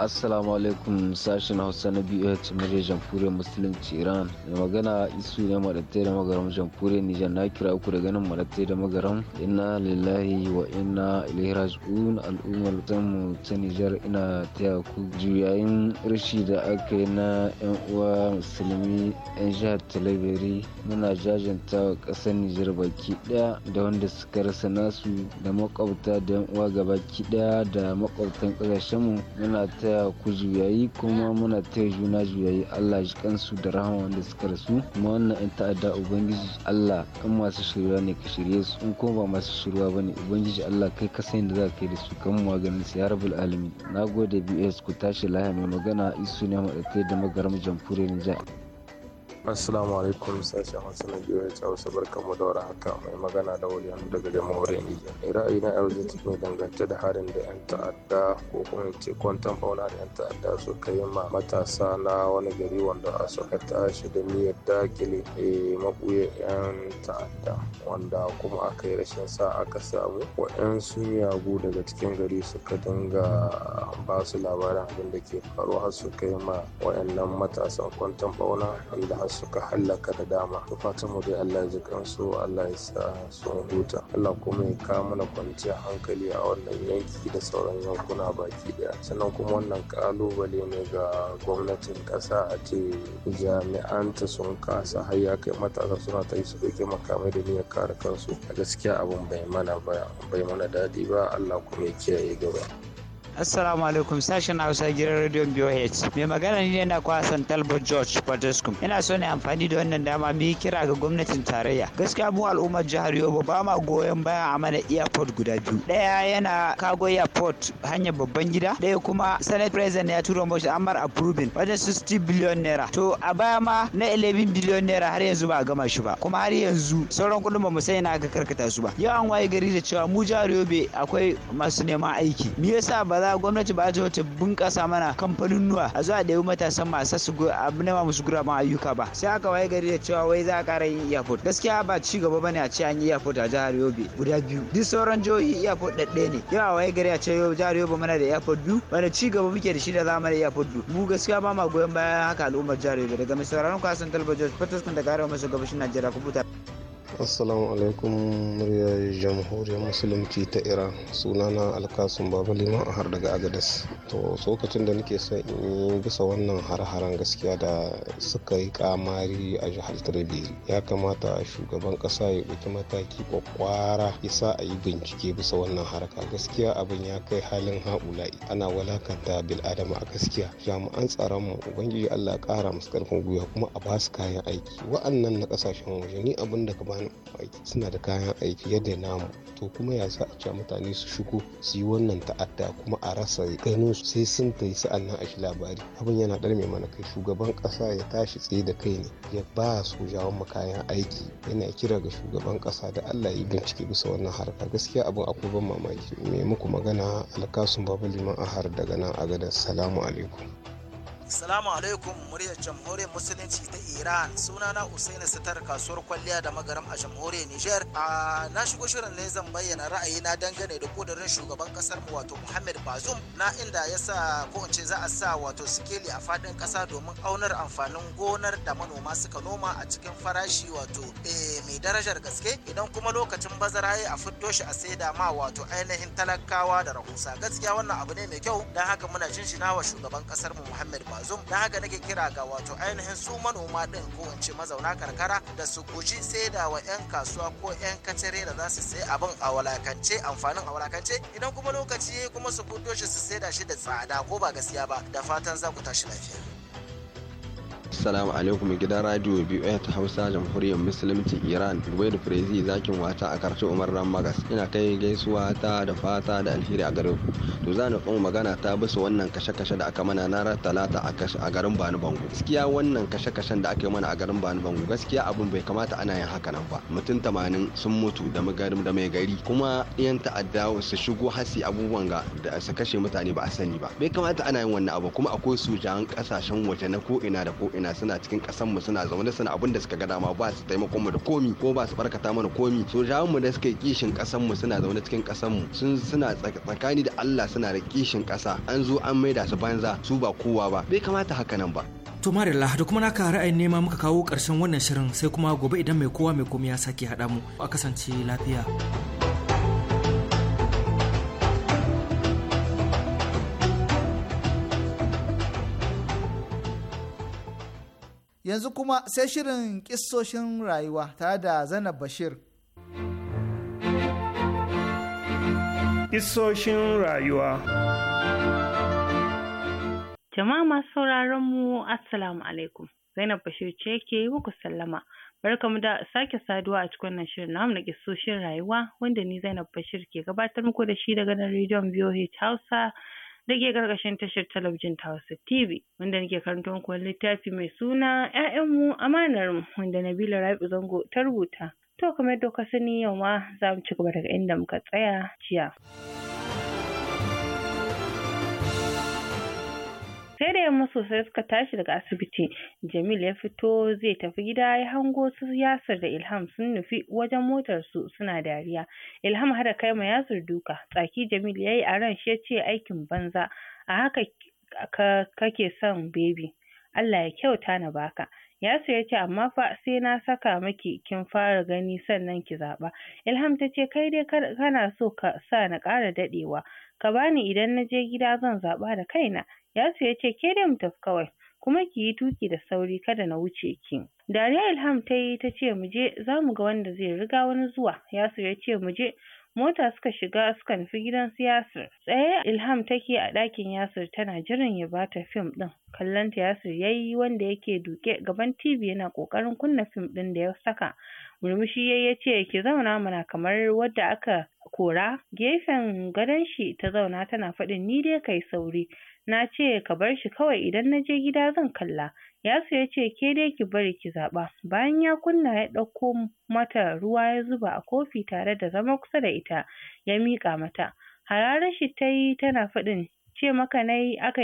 assalamu alaikum sashen hausa na biyu murya jamhuriyar musulunci iran mai magana isu ne madatta da magaram jamhuriyar nijar na kira ku da ganin madatta da magaram inna lillahi wa inna ilaihi raji'un al'ummar mu ta nijar ina taya ku juyayin rashi da aka yi na yan uwa musulmi yan jihar talabiri muna jajanta wa ƙasar nijar baki ɗaya da wanda suka rasa nasu da makwabta da yan uwa gabaki ɗaya da makwabtan ƙasashenmu muna taya ku juyayi kuma muna taya juna juyayi Allah shi kansu da rahama wanda suka rasu kuma wannan yan ta'adda ubangiji Allah in masu shirya ne ka shirye su in kuma ba masu shirya ba ne ubangiji Allah kai ka san da za ka yi da su kan maganin su ya rabul alami na gode bs ku tashi lahiya mai magana isu ne maɗaɗe da magaram jamhuriyar Nijar. assalamu alaikum sashen hausa na biyu ya hausa barkanmu da haka mai magana da wuri daga jamhuriyar nijar ra'ayi na yau zai tafi dangance da harin da yan ta'adda ko kuma ce kwantan fauna da yan ta'adda suka yi ma matasa na wani gari wanda suka tashi da niyyar dakile eh, mabuye yan ta'adda wanda kuma aka yi rashin sa aka samu waɗansu miyagu daga cikin gari suka dinga ba su labarin abin da ke faruwa suka yi ma waɗannan matasan kwantan fauna inda suka hallaka da dama da fatan mu dai Allah ya ji kansu Allah ya sa sun huta Allah kuma ya kawo mana kwanciyar hankali a wannan yanki da sauran yankuna baki daya sannan kuma wannan kalubale ne ga gwamnatin ƙasa a ce jami'an ta sun kasa har ya kai matasa suna ta yi su ɗauki makamai da niyyar kare kansu a gaskiya abin bai mana ba bai mana daɗi ba Allah kuma ya kiyaye gaba. Assalamu alaikum sashen Hausa gidan rediyon BOH. Mai magana ne na kwasan Talbot George Fortescue. Ina so ne amfani da wannan dama mu yi kira ga gwamnatin tarayya. Gaskiya mu al'ummar jihar Yobe ba ma goyon baya a mana airport guda biyu. Ɗaya yana Kago Airport hanyar babban gida, ɗaya kuma Senate President ya tura mashi Ammar Approving wajen 60 billion naira. To a baya ma na 11 billion naira har yanzu ba a gama shi ba. Kuma har yanzu sauran kuɗin ba mu sai na ga karkata su ba. Yawan waye gari da cewa mu jihar Yobe akwai masu neman aiki. Me yasa ba kaza gwamnati ba zai ta bunƙasa mana kamfanin nuwa a zuwa da yi matasan masu su abu na musu guraben ayyuka ba sai aka waye gari da cewa wai za a ƙara yin iyafot gaskiya ba ci gaba bane a ce an yi iyafot a jihar yobe guda biyu duk sauran jihohi iyafot ɗaya ne yawa waye gari a ce yau jihar yobe mana da iyafot biyu wanda ci gaba muke da shi da za mu da iyafot biyu mu gaskiya ba ma goyon bayan haka al'ummar jihar yobe daga mai sauraron kwasan talba george fatas da karewa masu gabashin najeriya buta. assalamu alaikum muryar jamhuriyar musulunci ta iran sunana alkasun baba liman har daga agadas to tsokacin da nake son in yi bisa wannan har-haren gaskiya da suka yi kamari a jihar tarbiyyar ya kamata shugaban kasa ya ɗauki mataki kwakwara ya sa a yi bincike bisa wannan haraka gaskiya abin ya kai halin haula'i ana walakanta bil bil'adama a gaskiya jami'an tsaron mu ubangiji allah ƙara musu ƙarfin gwiwa kuma a basu kayan aiki wa'annan na ƙasashen waje ni abin da ka bani suna da kayan aiki yadda namu to kuma ya sa a ce mutane su shigo su yi wannan ta'adda kuma a rasa ganin sai sun tayi sa'annan a shi labari abin yana ɗar mai mana kai shugaban ƙasa ya tashi tsaye da kai ne ya ba sojawan mu kayan aiki yana kira ga shugaban ƙasa da Allah ya bincike bisa wannan harka gaskiya abin akwai ban mamaki me muku magana alkasun babu liman har daga nan a gadan salamu alaikum Salamu alaikum muryar jamhuriyar musulunci ta Iran sunana Usaini Sitar kasuwar kwalliya da magaram a jamhuriyar Nijar. A na shigo shirin ne zan bayyana ra'ayi na dangane da kudurin shugaban kasar mu wato Muhammad Bazoum na inda ya sa ko in ce za a sa wato sikeli a fadin kasa domin aunar amfanin gonar da manoma suka noma a cikin farashi wato eh, mai darajar gaske idan kuma lokacin bazara ya a fito shi a saida ma wato ainihin talakawa da rahusa gaskiya wannan abu ne mai kyau don haka muna jin shi wa shugaban kasar mu Muhammad Bazoum. zoom da haka nake kira ga wato ainihin su manoma din ko in ce mazauna karkara da su guji saida wa 'yan kasuwa ko 'yan kacere da za su sai abin a walakance amfanin a walakance idan kuma lokaci kuma su fito shi su saida shi da tsada ko ba gaskiya ba da fatan za ku tashi lafiya. Assalamu alaikum gidan radio BOA ta Hausa Jamhuriyar Musulunci Iran da Prezi zakin wata a karshe Umar Ramagas ina kai gaisuwa ta da fata da alheri a gare ku to za ni magana ta bisa wannan kashe-kashe da aka mana na talata a garin Bani Bango gaskiya wannan kashe-kashen da aka yi mana a garin Bani Bango gaskiya abin bai kamata ana yin haka nan ba mutum tamanin sun mutu da magarin da mai gari kuma yan ta'adda su shigo hasi abubuwan ga da su kashe mutane ba a sani ba bai kamata ana yin wannan abu kuma akwai sujan kasashen waje na ko ina da ko ina ina suna cikin kasan mu suna zaune suna abin da suka ga dama ba su taimakon mu da komi ko ba su barkata mana komi sojawan mu da suke kishin kasan mu suna zaune cikin kasan mu sun suna tsakani da Allah suna da kishin kasa an zo an maida su banza su ba kowa ba bai kamata haka nan ba To Marilla da kuma naka ra'ayin nema muka kawo karshen wannan shirin sai kuma gobe idan mai kowa mai komi ya sake hada mu a kasance lafiya. yanzu kuma sai shirin kissoshin rayuwa tare da zainab bashir Kissoshin rayuwa jama'a masu sauraron mu assalamu alaikum zainab bashir ce ke muku sallama barkamu da sake saduwa a cikin wannan shirin namu na kisoshin rayuwa wanda ni zainab bashir ke gabatar muku da shi daga nan rediyon voh hausa da ke karkashin tashar talabijin ta Hausa TV wanda nake karanto muku wani littafi mai suna mu amanar mu wanda Nabila Rabi Zango ta rubuta. To kamar yadda kuka sani yau ma za mu ci gaba daga inda muka tsaya jiya. sai da yamma musu suka tashi daga asibiti jamil ya fito zai tafi gida ya hango su yasir da ilham sun nufi wajen motar su suna dariya ilham hada kai ma yasir duka tsaki jamil ya yi a ran shi ya ce aikin banza a haka ka kake son bebi allah ya kyauta na baka Yasir ya ce amma fa sai na saka maki kin fara gani sannan ki zaɓa. Ilham ta ce kai dai kana so ka sa na ƙara daɗewa. Ka bani idan na je gida zan zaɓa da kaina. Yasir ya ce ke dai mu tafi kawai kuma ki yi tuki da sauri kada na wuce ki. Dariya Ilham ta yi ta ce mu je za mu ga wanda zai riga wani zuwa. Yasir ya ce mu je mota suka shiga suka nufi gidan su Yasir. Tsaye Ilham take a ɗakin Yasir tana jiran ya bata fim ɗin. Kallon ta Yasir ya yi wanda yake duke gaban TV yana ƙoƙarin kunna fim ɗin da ya saka. Murmushi ya ce ki zauna mana kamar wadda aka kora. Gefen gadon shi ta zauna tana faɗin ni dai kai sauri. na ce ka bar shi kawai idan na je gida zan kalla Yasu ya ce ke dai ki bari ki zaɓa bayan ya kunna ya ɗauko mata ruwa ya zuba a kofi tare da zama kusa da ita ya miƙa mata hararar shi ta yi tana faɗin ce maka na yi aka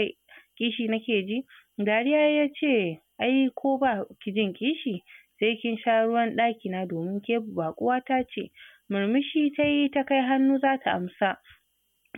kishi nake ji dariya ya ce ai ko ba ki jin kishi sai kin sha ruwan ɗakina domin ke baƙuwata ce murmushi ta yi ta kai hannu zata amsa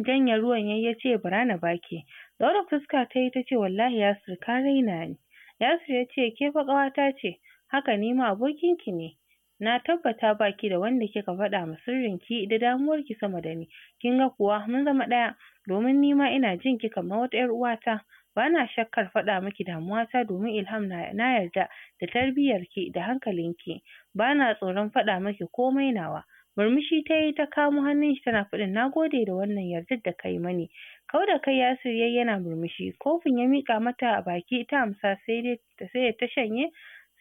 janye ruwan yayyace ya ce bara na baki Daura fuska ta yi ta ce wallahi Yasir ka raina ni. Yasir ya ce ke fa ƙawata ce, haka ni ma abokinki ne. Na tabbata baki da wanda kika faɗa ma sirrinki da damuwar ki sama da ni. Kin ga kuwa mun zama ɗaya domin ni ma ina jin ki kamar wata ‘yar uwata. Ba na shakkar faɗa miki damuwata domin Ilham na, na yarda da tarbiyyarki da hankalinki. Ba na tsoron faɗa miki komai nawa. Murmushi ta yi ta kamo hannun shi tana faɗin na gode da wannan yardar da kai mani. Kau da kai Yasir yayi yana murmushi kofin ya miƙa mata a baki ta amsa sai dai ta sai ta shanye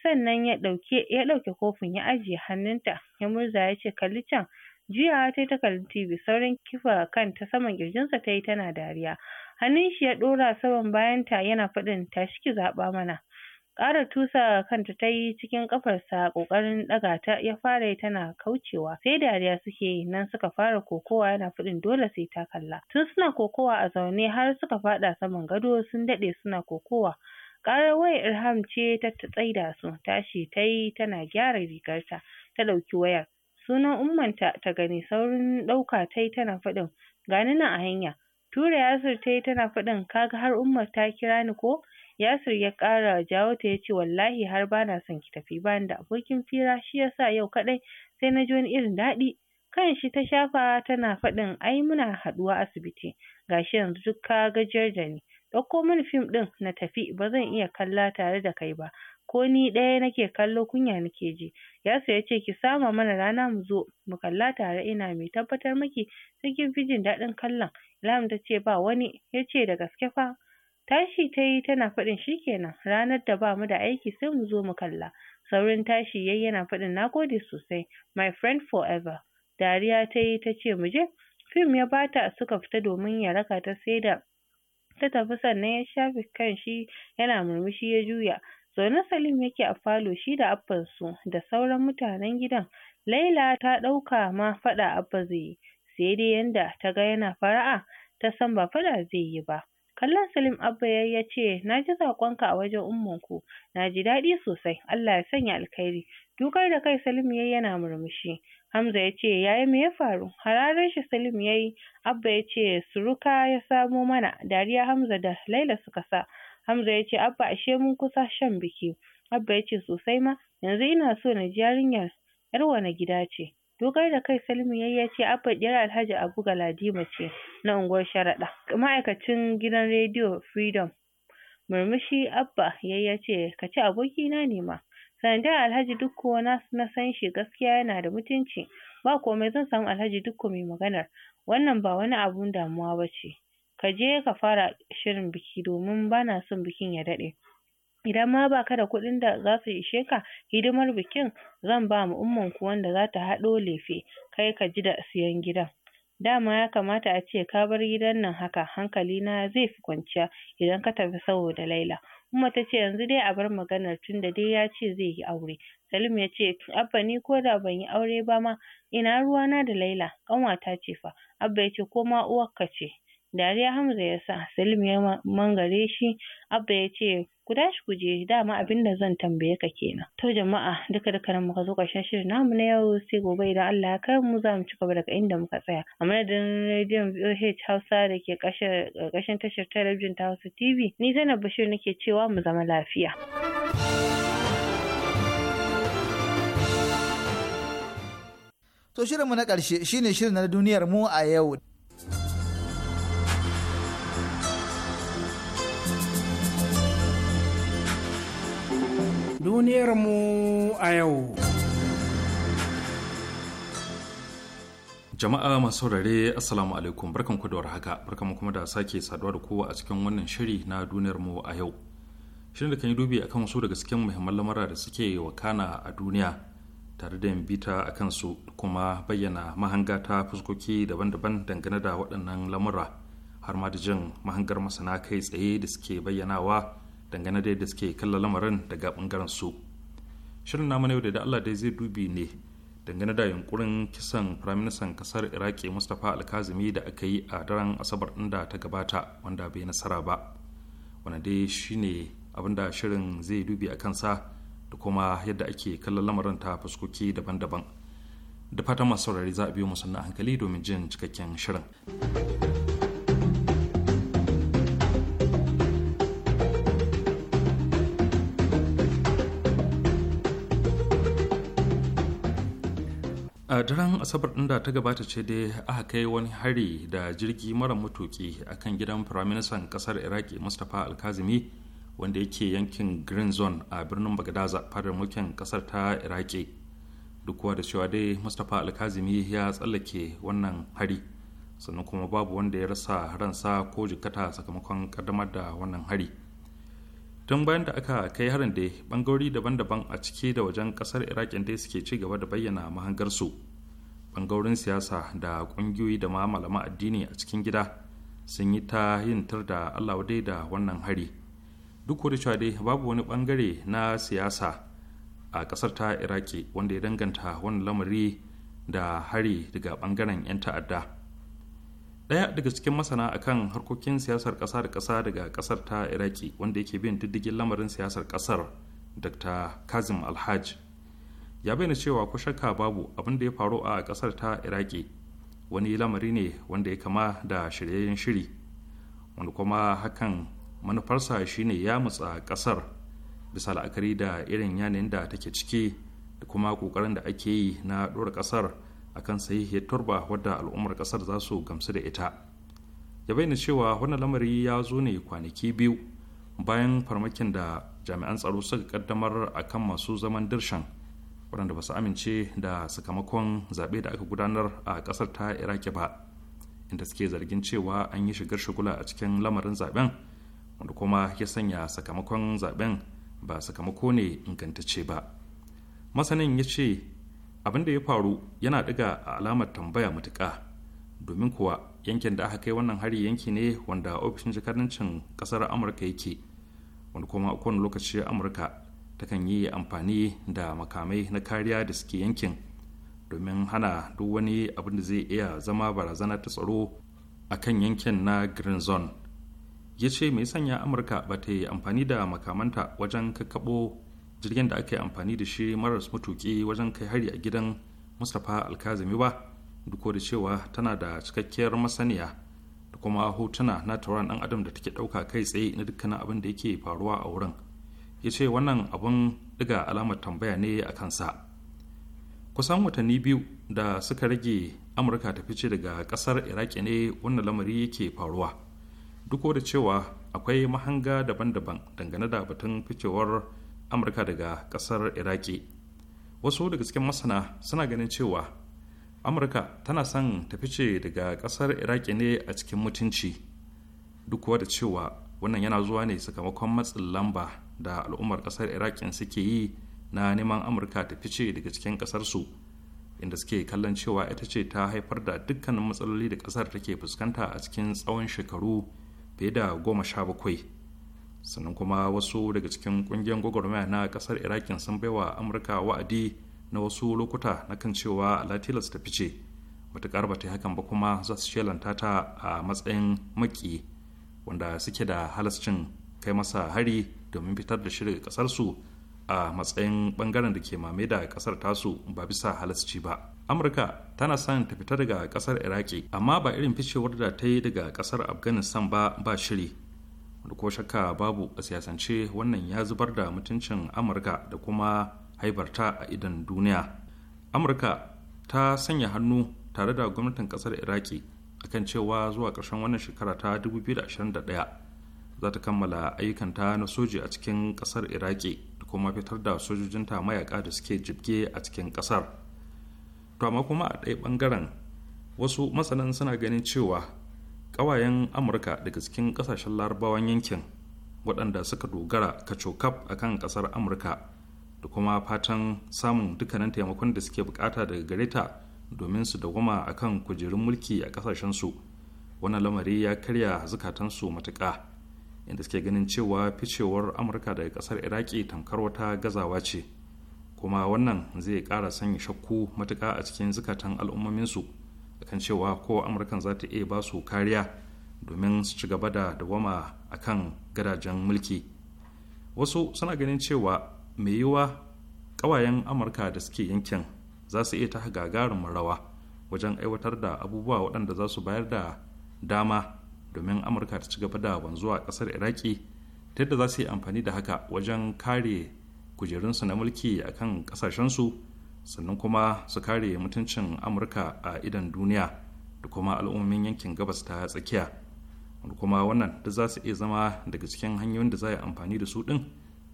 sannan ya ɗauke ya ɗauke kofin ya ajiye hannunta ya murza ya ce kalli can. Juyawa ta yi ta kalli TV saurin kifa ta saman ƙirjinsa ta yi tana dariya. Hannun shi ya ɗora saman bayanta yana faɗin tashi ki zaɓa mana. ƙara tusa kanta tayi cikin ƙafarsa ƙoƙarin ɗaga ta ya fara yi tana kaucewa sai dariya suke yi nan suka fara kokowa yana faɗin dole sai ta kalla tun suna kokowa a zaune har suka faɗa saman gado sun daɗe suna kokowa ƙarar wayar Irham ce ta tsaida su tashi tayi tana gyara rigarta ta ɗauki wayar sunan ummanta ta gani saurin ɗauka tayi tana faɗin gani nan a hanya tura yasir tayi tana faɗin kaga har ummar ta kira ni ko Yasir ya ƙara jawo ta ya ce wallahi har bana son ki tafi bani da abokin fira shi yasa yau kaɗai sai na ji wani irin daɗi. Kan shi ta shafa tana faɗin ai muna haɗuwa asibiti ga shi yanzu duk ka gajiyar da ni. Ɗauko mini fim ɗin na tafi ba zan iya kalla tare da kai ba. Ko ni ɗaya nake kallo kunya nake ji. Yasir ya ce ki sama mana rana mu zo mu kalla tare ina mai tabbatar miki sai kin fi jin daɗin kallon. Ilham ta ce ba wani ya ce da gaske fa Tashi ta yi tana faɗin shi kenan ranar da ba mu da aiki sai mu zo mu kalla. Saurin tashi yayi yana faɗin na gode sosai my friend forever. Dariya ta yi ta ce mu je. Fim ya bata suka fita domin ya raka ta sai da ta tafi sannan ya shafe kan shi yana murmushi ya juya. Zaune Salim yake a falo shi da abbansu da sauran mutanen gidan. Laila ta ɗauka ma faɗa abba zai yi, sai dai yanda ta ga yana fara'a ta san ba faɗa zai yi ba. Kallon Salim Abba ya ce, Na ji saƙonka a wajen ummanku, na ji daɗi sosai, Allah ya sanya alkhairi. Dukar da kai Salim ya yana murmushi. Hamza ya ce, Yaya me ya faru? Hararin shi Salim ya yi, Abba ya ce, Suruka ya samo mana, dariya Hamza da Laila suka sa. Hamza ya ce, Abba ashe mun kusa shan biki. Abba ya ce, Sosai ma, yanzu ina so na ji yarinyar, ‘yar wane gida ce? Dogar da kai salmu ya yi ya ce Abba ɗiyar Alhaji Abu Galadima ce na unguwar Sharaɗa. Ma'aikacin gidan rediyo Freedom. Murmushi Abba ya yi ya ce ka ci abokina ne ma. Sanadiyar Alhaji Dukko na san shi gaskiya yana da mutunci. Ba komai zan samu Alhaji Dukko mai maganar. Wannan ba wani abun damuwa ba ce. Ka je ka fara shirin biki domin bana son bikin ya daɗe. idan ma baka da kuɗin da zasu ishe ka hidimar bikin zan ba ma umman wanda za ta haɗo lefe kai ka ji da siyan gidan dama ya kamata a ce ka bar gidan nan haka hankali na zai fi kwanciya idan ka tafi saboda Laila Umma ce yanzu dai a bar maganar tunda dai ya ce zai yi aure Salim ya ce Abba ni ko da ban yi aure ba ma ina ruwana da Laila ƙanwata ce fa Abba ya ce ko ma uwarka ce dariya Hamza ya sa Salim ya mangare shi Abba ya ce ku dashi ku je dama abin da zan tambaye ka kenan to jama'a duka duka nan muka zo ƙarshen shirin namu na yau sai gobe idan Allah ya kai mu za mu ci gaba daga inda muka tsaya a madadin rediyon VOH Hausa da ke ƙarshen tashar talabijin ta Hausa TV ni Zainab Bashir nake cewa mu zama lafiya. To shirinmu na ƙarshe shine shirin na duniyar mu a yau duniyarmu a yau. Jama'a masu saurare Assalamu alaikum barkan ku da warhaka barkan kuma da sake saduwa da kowa a cikin wannan shiri na duniyarmu a yau. Shirin da kan yi dubi a kan wasu daga cikin muhimman lamura da suke wakana a duniya tare da yin bita a kansu kuma bayyana mahanga ta fuskoki daban-daban dangane da waɗannan lamura har ma da jin mahangar masana kai tsaye da suke bayyanawa dangane da yadda suke kalla lamarin daga bangaren su shirin namu na yau da allah dai zai dubi ne dangane da yunkurin kisan firaministan kasar iraki mustapha alkazimi da aka yi a daren asabar ɗin da ta gabata wanda bai nasara ba wanda dai shine abinda shirin zai dubi a kansa da kuma yadda ake kallon lamarin ta fuskoki daban-daban da fatan masu saurari za a biyo musamman hankali domin jin cikakken shirin. daren asabar ɗin da ta gabata ce dai aka kai wani hari da jirgi mara matuki a kan gidan firaministan ƙasar iraki mustapha alkazimi wanda yake yankin green zone a birnin bagdaza fadar mulkin ƙasar ta iraki duk da cewa dai mustapha alkazimi ya tsallake wannan hari sannan kuma babu wanda ya rasa ransa ko jikata sakamakon kaddamar da wannan hari tun bayan da aka kai harin da bangarori daban-daban a ciki da wajen kasar iraq dai suke ci gaba da bayyana mahangarsu bangarorin siyasa da kungiyoyi da ma malaman addini a cikin gida sun yi ta yin tar da allah wadai da wannan hari duk da cewa dai babu wani bangare na siyasa a kasar ta iraki wanda ya danganta wani lamari da hari daga bangaren 'yan ta'adda daya daga cikin masana akan harkokin siyasar kasa da kasa daga kasar ta iraki wanda yake bin diddigin lamarin siyasar kasar dr kazim alhaj ya bayyana cewa ko shakka babu abin da ya faru a kasar ta iraki wani lamari ne wanda ya kama da shiryayyen shiri wanda kuma hakan manufarsa shine ya mutsa kasar bisa la'akari da irin yanayin da take ciki da kuma kokarin da ake yi na dora kasar akan sahihiyar turba wadda al'ummar kasar za su gamsu da ita ya bayyana cewa wannan lamari ya zo ne kwanaki biyu bayan farmakin da jami'an tsaro suka kaddamar akan masu zaman dirshan waɗanda ba su amince da sakamakon zaɓe da aka gudanar a ƙasar ta iraki ba inda suke zargin cewa an yi shigar shigula a cikin lamarin zaɓen wanda kuma ya sanya sakamakon zaɓen ba sakamako ne ingantacce ba masanin ya ce abin da ya faru yana ɗiga a alamar tambaya matuƙa domin kuwa yankin da aka kai wannan hari yanki ne wanda ofishin jakadancin ƙasar amurka yake wanda kuma a kowane lokaci amurka takan yi amfani da makamai na kariya da suke yankin domin hana duk wani abin da zai iya zama barazana ta tsaro a kan yankin na green zone ya ce mai sanya amurka ba ta yi amfani da makamanta wajen kakkaɓo jirgin da aka yi amfani da shi maras matuƙi wajen kai hari a gidan mustapha alkazimi ba duk da cewa tana da cikakkiyar masaniya da kuma hotuna na tauraron dan adam da take ɗauka kai tsaye na dukkanin abin da yake faruwa a wurin ya ce wannan abun ɗiga alamar tambaya ne a kansa kusan watanni biyu da suka rage amurka ta fice daga ƙasar iraki ne wannan lamari yake faruwa duk da cewa akwai mahanga daban-daban dangane da batun ficewar amurka daga ƙasar iraki wasu daga cikin masana suna ganin cewa amurka tana son ta fice daga ƙasar iraki ne a cikin mutunci duk da cewa wannan yana zuwa ne sakamakon matsin lamba da al'ummar kasar iraqin suke yi na neman amurka ta fice daga cikin kasarsu inda suke kallon cewa ita ce ta haifar da dukkanin matsaloli da kasar take fuskanta a cikin tsawon shekaru fiye da goma sha bakwai sannan kuma wasu daga cikin kungiyar gwagwarmaya na kasar iraqin sun baiwa amurka wa'adi na wasu lokuta na kan cewa latilas ta fice matuƙar ba ta yi hakan ba kuma za su shelanta ta a matsayin maki wanda suke da halascin kai masa hari domin fitar da shirin su a matsayin bangaren da ke mame da kasar tasu ba bisa halasci ba amurka tana son ta fita daga kasar iraki amma ba irin ficewar da ta yi daga kasar afghanistan ba ba shiri wanda ko shakka babu a siyasance wannan ya zubar da mutuncin amurka da kuma haibarta a idan duniya amurka ta sanya hannu tare da gwamnatin kasar iraki akan cewa zuwa ƙarshen wannan shekara ta 2021 za ta kammala ayyukanta na soji a cikin kasar iraki da kuma fitar da sojojinta mayaka da suke jibge a cikin kasar to amma kuma a ɗaya ɓangaren wasu masanan suna ganin cewa ƙawayen amurka daga cikin ƙasashen larabawan yankin waɗanda suka dogara kacokaf a kan ƙasar amurka da kuma fatan samun dukkanin taimakon da suke bukata daga gareta domin su dawama a kan kujerun mulki a ƙasashensu wani lamari ya karya zukatansu matuƙa inda suke ganin cewa ficewar amurka daga kasar iraki tamkar wata gazawa ce kuma wannan zai kara sanya shakku matuka a cikin zukatan al'ummominsu akan cewa ko amurkan za ta iya ba su kariya domin su ci gaba da dawama kan gadajen mulki wasu suna ganin cewa mai yiwa ƙawayen amurka da suke yankin za su iya ta gagarumin rawa wajen aiwatar da abubuwa waɗanda za su bayar da dama domin amurka ta ci gaba da wanzuwa a ƙasar iraki ta yadda za su yi amfani da haka wajen kare kujerunsu na mulki a kan kasashensu sannan kuma su kare mutuncin amurka a idan duniya da kuma al'ummin yankin gabas ta tsakiya wanda kuma wannan da za su iya zama daga cikin hanyoyin da za a yi amfani da su ɗin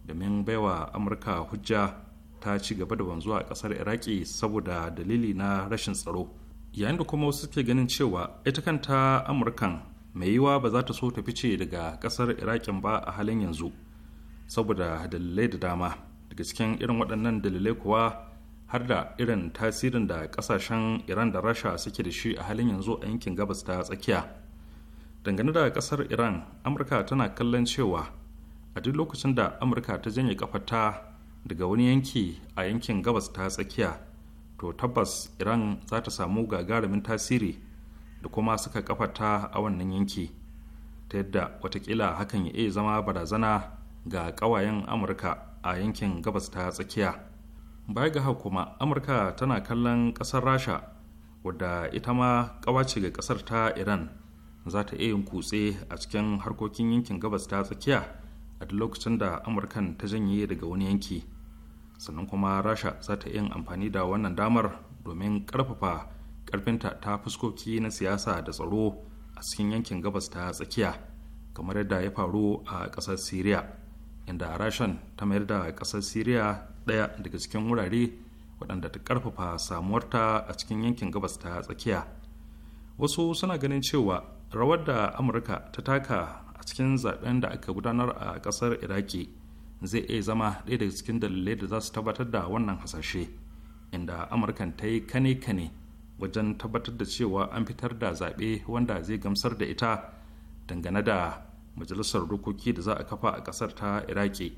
domin baiwa amurka hujja ta ci gaba da wanzuwa a kasar iraki saboda dalili na rashin tsaro yayin da kuma wasu suke ganin cewa ita kanta amurkan mai yiwa ba za ta so ta fice daga kasar irakin ba a halin yanzu saboda dalilai da dama daga cikin irin waɗannan dalilai kuwa har da irin tasirin da ƙasashen iran da rasha suke da shi a halin yanzu a yankin gabas ta tsakiya dangane da ƙasar iran amurka tana kallon cewa a duk lokacin da amurka ta janye kafata daga wani yanki a yankin gabas ta tsakiya to tabbas iran za ta samu gagarumin tasiri da kuma suka kafata a wannan yanki ta yadda watakila hakan ya iya zama barazana ga ƙawayen amurka a yankin gabas ta tsakiya baya ga haka kuma amurka tana kallon ƙasar rasha wadda ita ma ce ga ƙasar ta iran za ta iya yin kutse a cikin harkokin yankin gabas ta tsakiya a duk lokacin da amurkan ta janye daga wani yanki sannan kuma rasha za ta yin amfani da wannan damar domin karfafa karfinta ta fuskoki na siyasa da tsaro a cikin yankin gabas ta tsakiya kamar yadda ya faru a ƙasar syria inda rashan ta mayar da ƙasar syria ɗaya daga cikin wurare waɗanda ta ƙarfafa samuwarta a cikin yankin gabas ta tsakiya wasu suna ganin cewa rawar da amurka ta taka a cikin zaben da aka gudanar a ƙasar iraki zai iya zama ɗaya daga cikin dalilai da za su tabbatar da wannan hasashe inda amurkan ta yi kane-kane wajen tabbatar da cewa an fitar da zaɓe wanda zai gamsar da ita dangane da majalisar dokoki da za a kafa a ƙasar ta iraki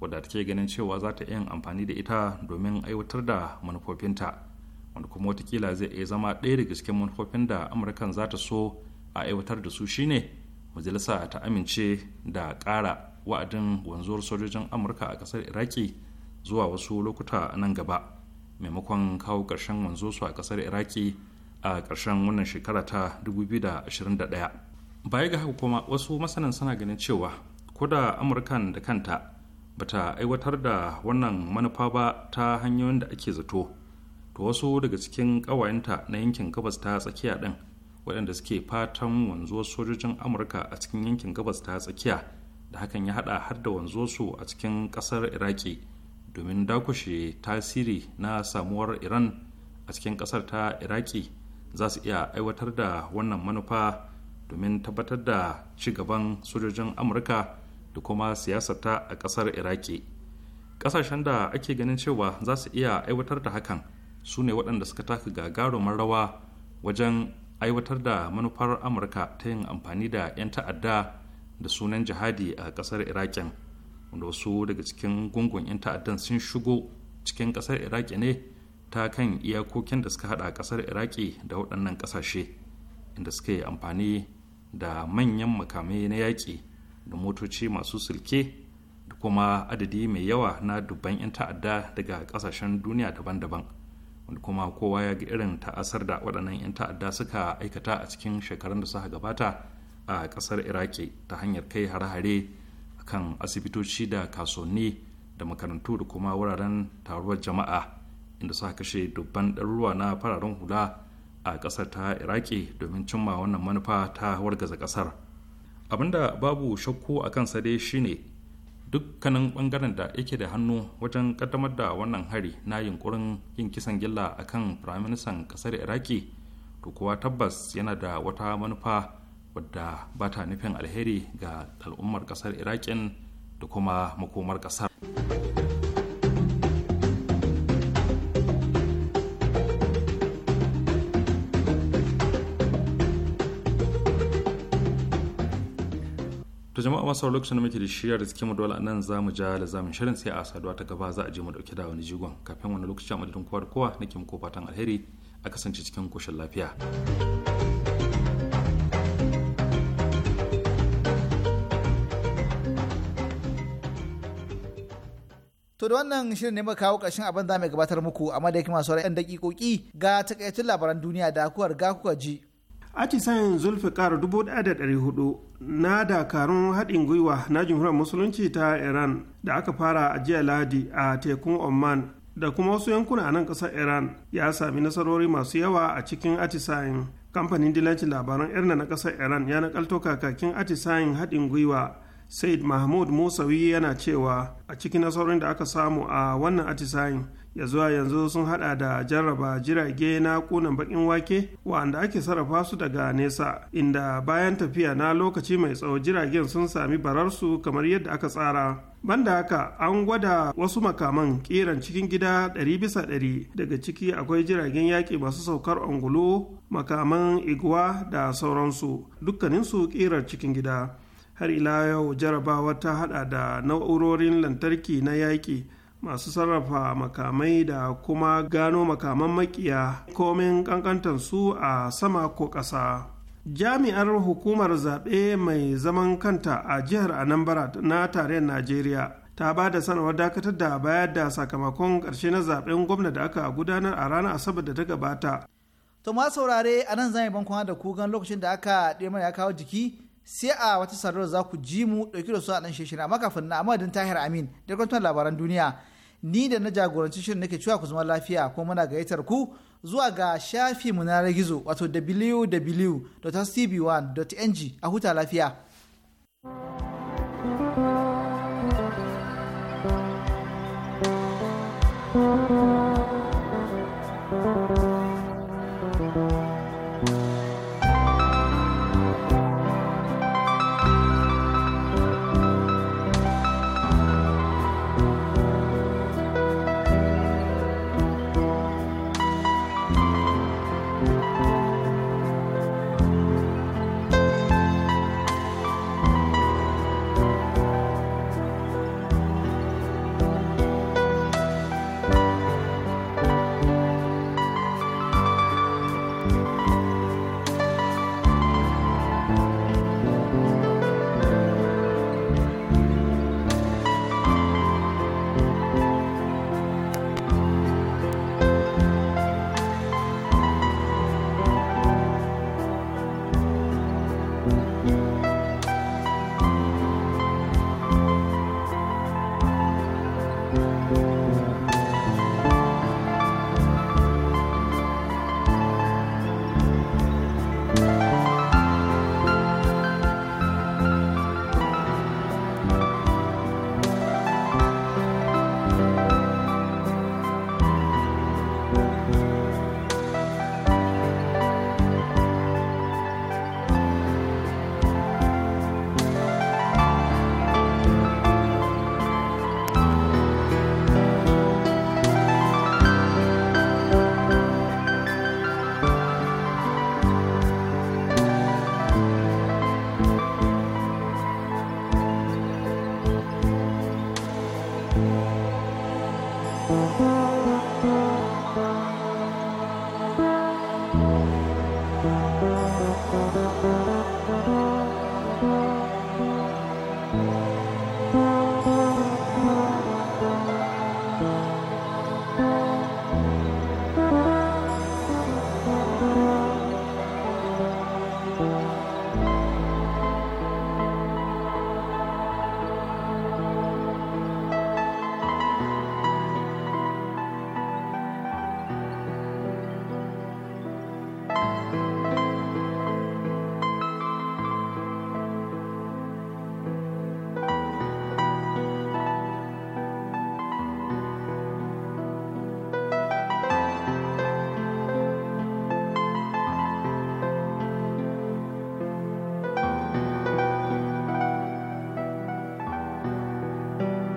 wadda take ganin cewa za ta yin amfani da ita domin aiwatar da manufofinta wanda kuma watakila zai iya zama ɗaya daga cikin manufofin da amurkan za ta so a aiwatar da su shine majalisa ta amince da ƙara wa'adin wanzuwar sojojin amurka a ƙasar iraki zuwa wasu lokuta nan gaba maimakon kawo ƙarshen wanzo su a ƙasar iraki a ƙarshen wannan shekara ta 2021 baya ga haka kuma wasu masanan suna ganin cewa ko da amurkan da kanta ba ta aiwatar da wannan manufa ba ta hanyoyin da ake zato to wasu daga cikin ƙawayenta na yankin gabas ta tsakiya ɗin waɗanda suke fatan wanzuwar sojojin amurka a cikin yankin gabas ta tsakiya da hakan ya haɗa har da wanzuwarsu a cikin ƙasar iraki domin dakushe tasiri na samuwar iran a cikin kasar ta iraki za su iya aiwatar da wannan manufa domin tabbatar da ci gaban sojojin amurka da kuma siyasar ta a kasar iraki kasashen da ake ganin cewa za su iya aiwatar da hakan su ne waɗanda suka taka gagarumar rawa wajen aiwatar da manufar amurka ta yin amfani da 'yan ta'adda da sunan jihadi a kasar Iraki. wanda wasu daga cikin gungun 'yan ta'addan sun shigo cikin kasar iraki ne ta kan iyakokin da suka hada kasar iraki da waɗannan ƙasashe inda suka yi amfani da manyan makamai na yaƙi da motoci masu silke da kuma adadi mai yawa na dubban 'yan ta'adda daga ƙasashen duniya daban-daban wanda kuma kowa ya ga irin ta'asar da waɗannan 'yan ta'adda suka aikata a cikin shekarun da suka gabata a ƙasar iraki ta hanyar kai hare-hare kan asibitoci da kasuwanni da makarantu da kuma wuraren taruwar jama'a inda suka kashe dubban ɗaruruwa na fararen hula a ƙasar ta iraki domin cimma wannan manufa ta wargaza ƙasar abinda babu shakku a kansa dai shine dukkanin ɓangaren da yake da hannu wajen ƙaddamar da wannan hari na yunkurin yin kisan gilla a kan firaministan ƙasar iraki to kuwa tabbas yana da wata manufa wadda ba ta nufin alheri ga al'ummar kasar iraƙin da kuma makomar kasar to jama'a masu lokacin da muke da shirya da suke cikin dole nan za mu ja da mu shirin sai a saduwa ta gaba za a je mu dauke da wani jigon kafin wani lokaci a madadin kowa da kowa nake muku fatan alheri a kasance cikin koshin lafiya da wannan shirin ne kawo ƙarshen abin da mai gabatar muku amma da yake masu 'yan dakikoki ga takaicin labaran duniya da kuwar ga kuka ji. Atisayin Zulfikar 1400 na dakarun haɗin gwiwa na jumhuriyar musulunci ta Iran da aka fara a jiya Lahadi a tekun Oman da kuma wasu yankuna a nan ƙasar Iran ya sami nasarori masu yawa a cikin atisayin. Kamfanin dilancin labaran Irna na ƙasar Iran ya naƙalto kakakin atisayin haɗin gwiwa said mahmud musawi yana cewa a cikin nasarorin da aka samu a wannan atisayin ya zuwa yanzu sun hada da jarraba jirage na kunan bakin wake wanda ake sarrafa su daga nesa inda bayan tafiya na lokaci mai tsawo jiragen sun sami bararsu kamar yadda aka tsara banda haka an gwada wasu makaman kiran cikin gida 100 bisa 100 daga ciki akwai jiragen yaƙi masu saukar ungulu makaman iguwa da sauransu dukkaninsu kiran cikin gida har ila yau jarabawa ta hada da na'urorin lantarki na yaƙi masu sarrafa makamai da kuma gano makaman makiya komin kankantar su a sama ko ƙasa jami'ar hukumar zaɓe mai zaman kanta a jihar anambra na tarayyar najeriya ta ba da sanarwar dakatar da bayar da sakamakon ƙarshe na zaɓen gwamna da aka gudanar a ranar asabar da ta gabata to ma saurare a nan zan yi bankon da kugan lokacin da aka ɗaya ya kawo jiki sai a wata sarar za ku ji mu ɗauki da su a ɗan shirin amma kafin na amadin tahir amin da kwantar labaran duniya ni da na jagoranci shirin nake cewa ku zama lafiya kuma muna gayyatar ku zuwa ga shafi mu na gizo wato wwwcb 1ng a huta lafiya. thank you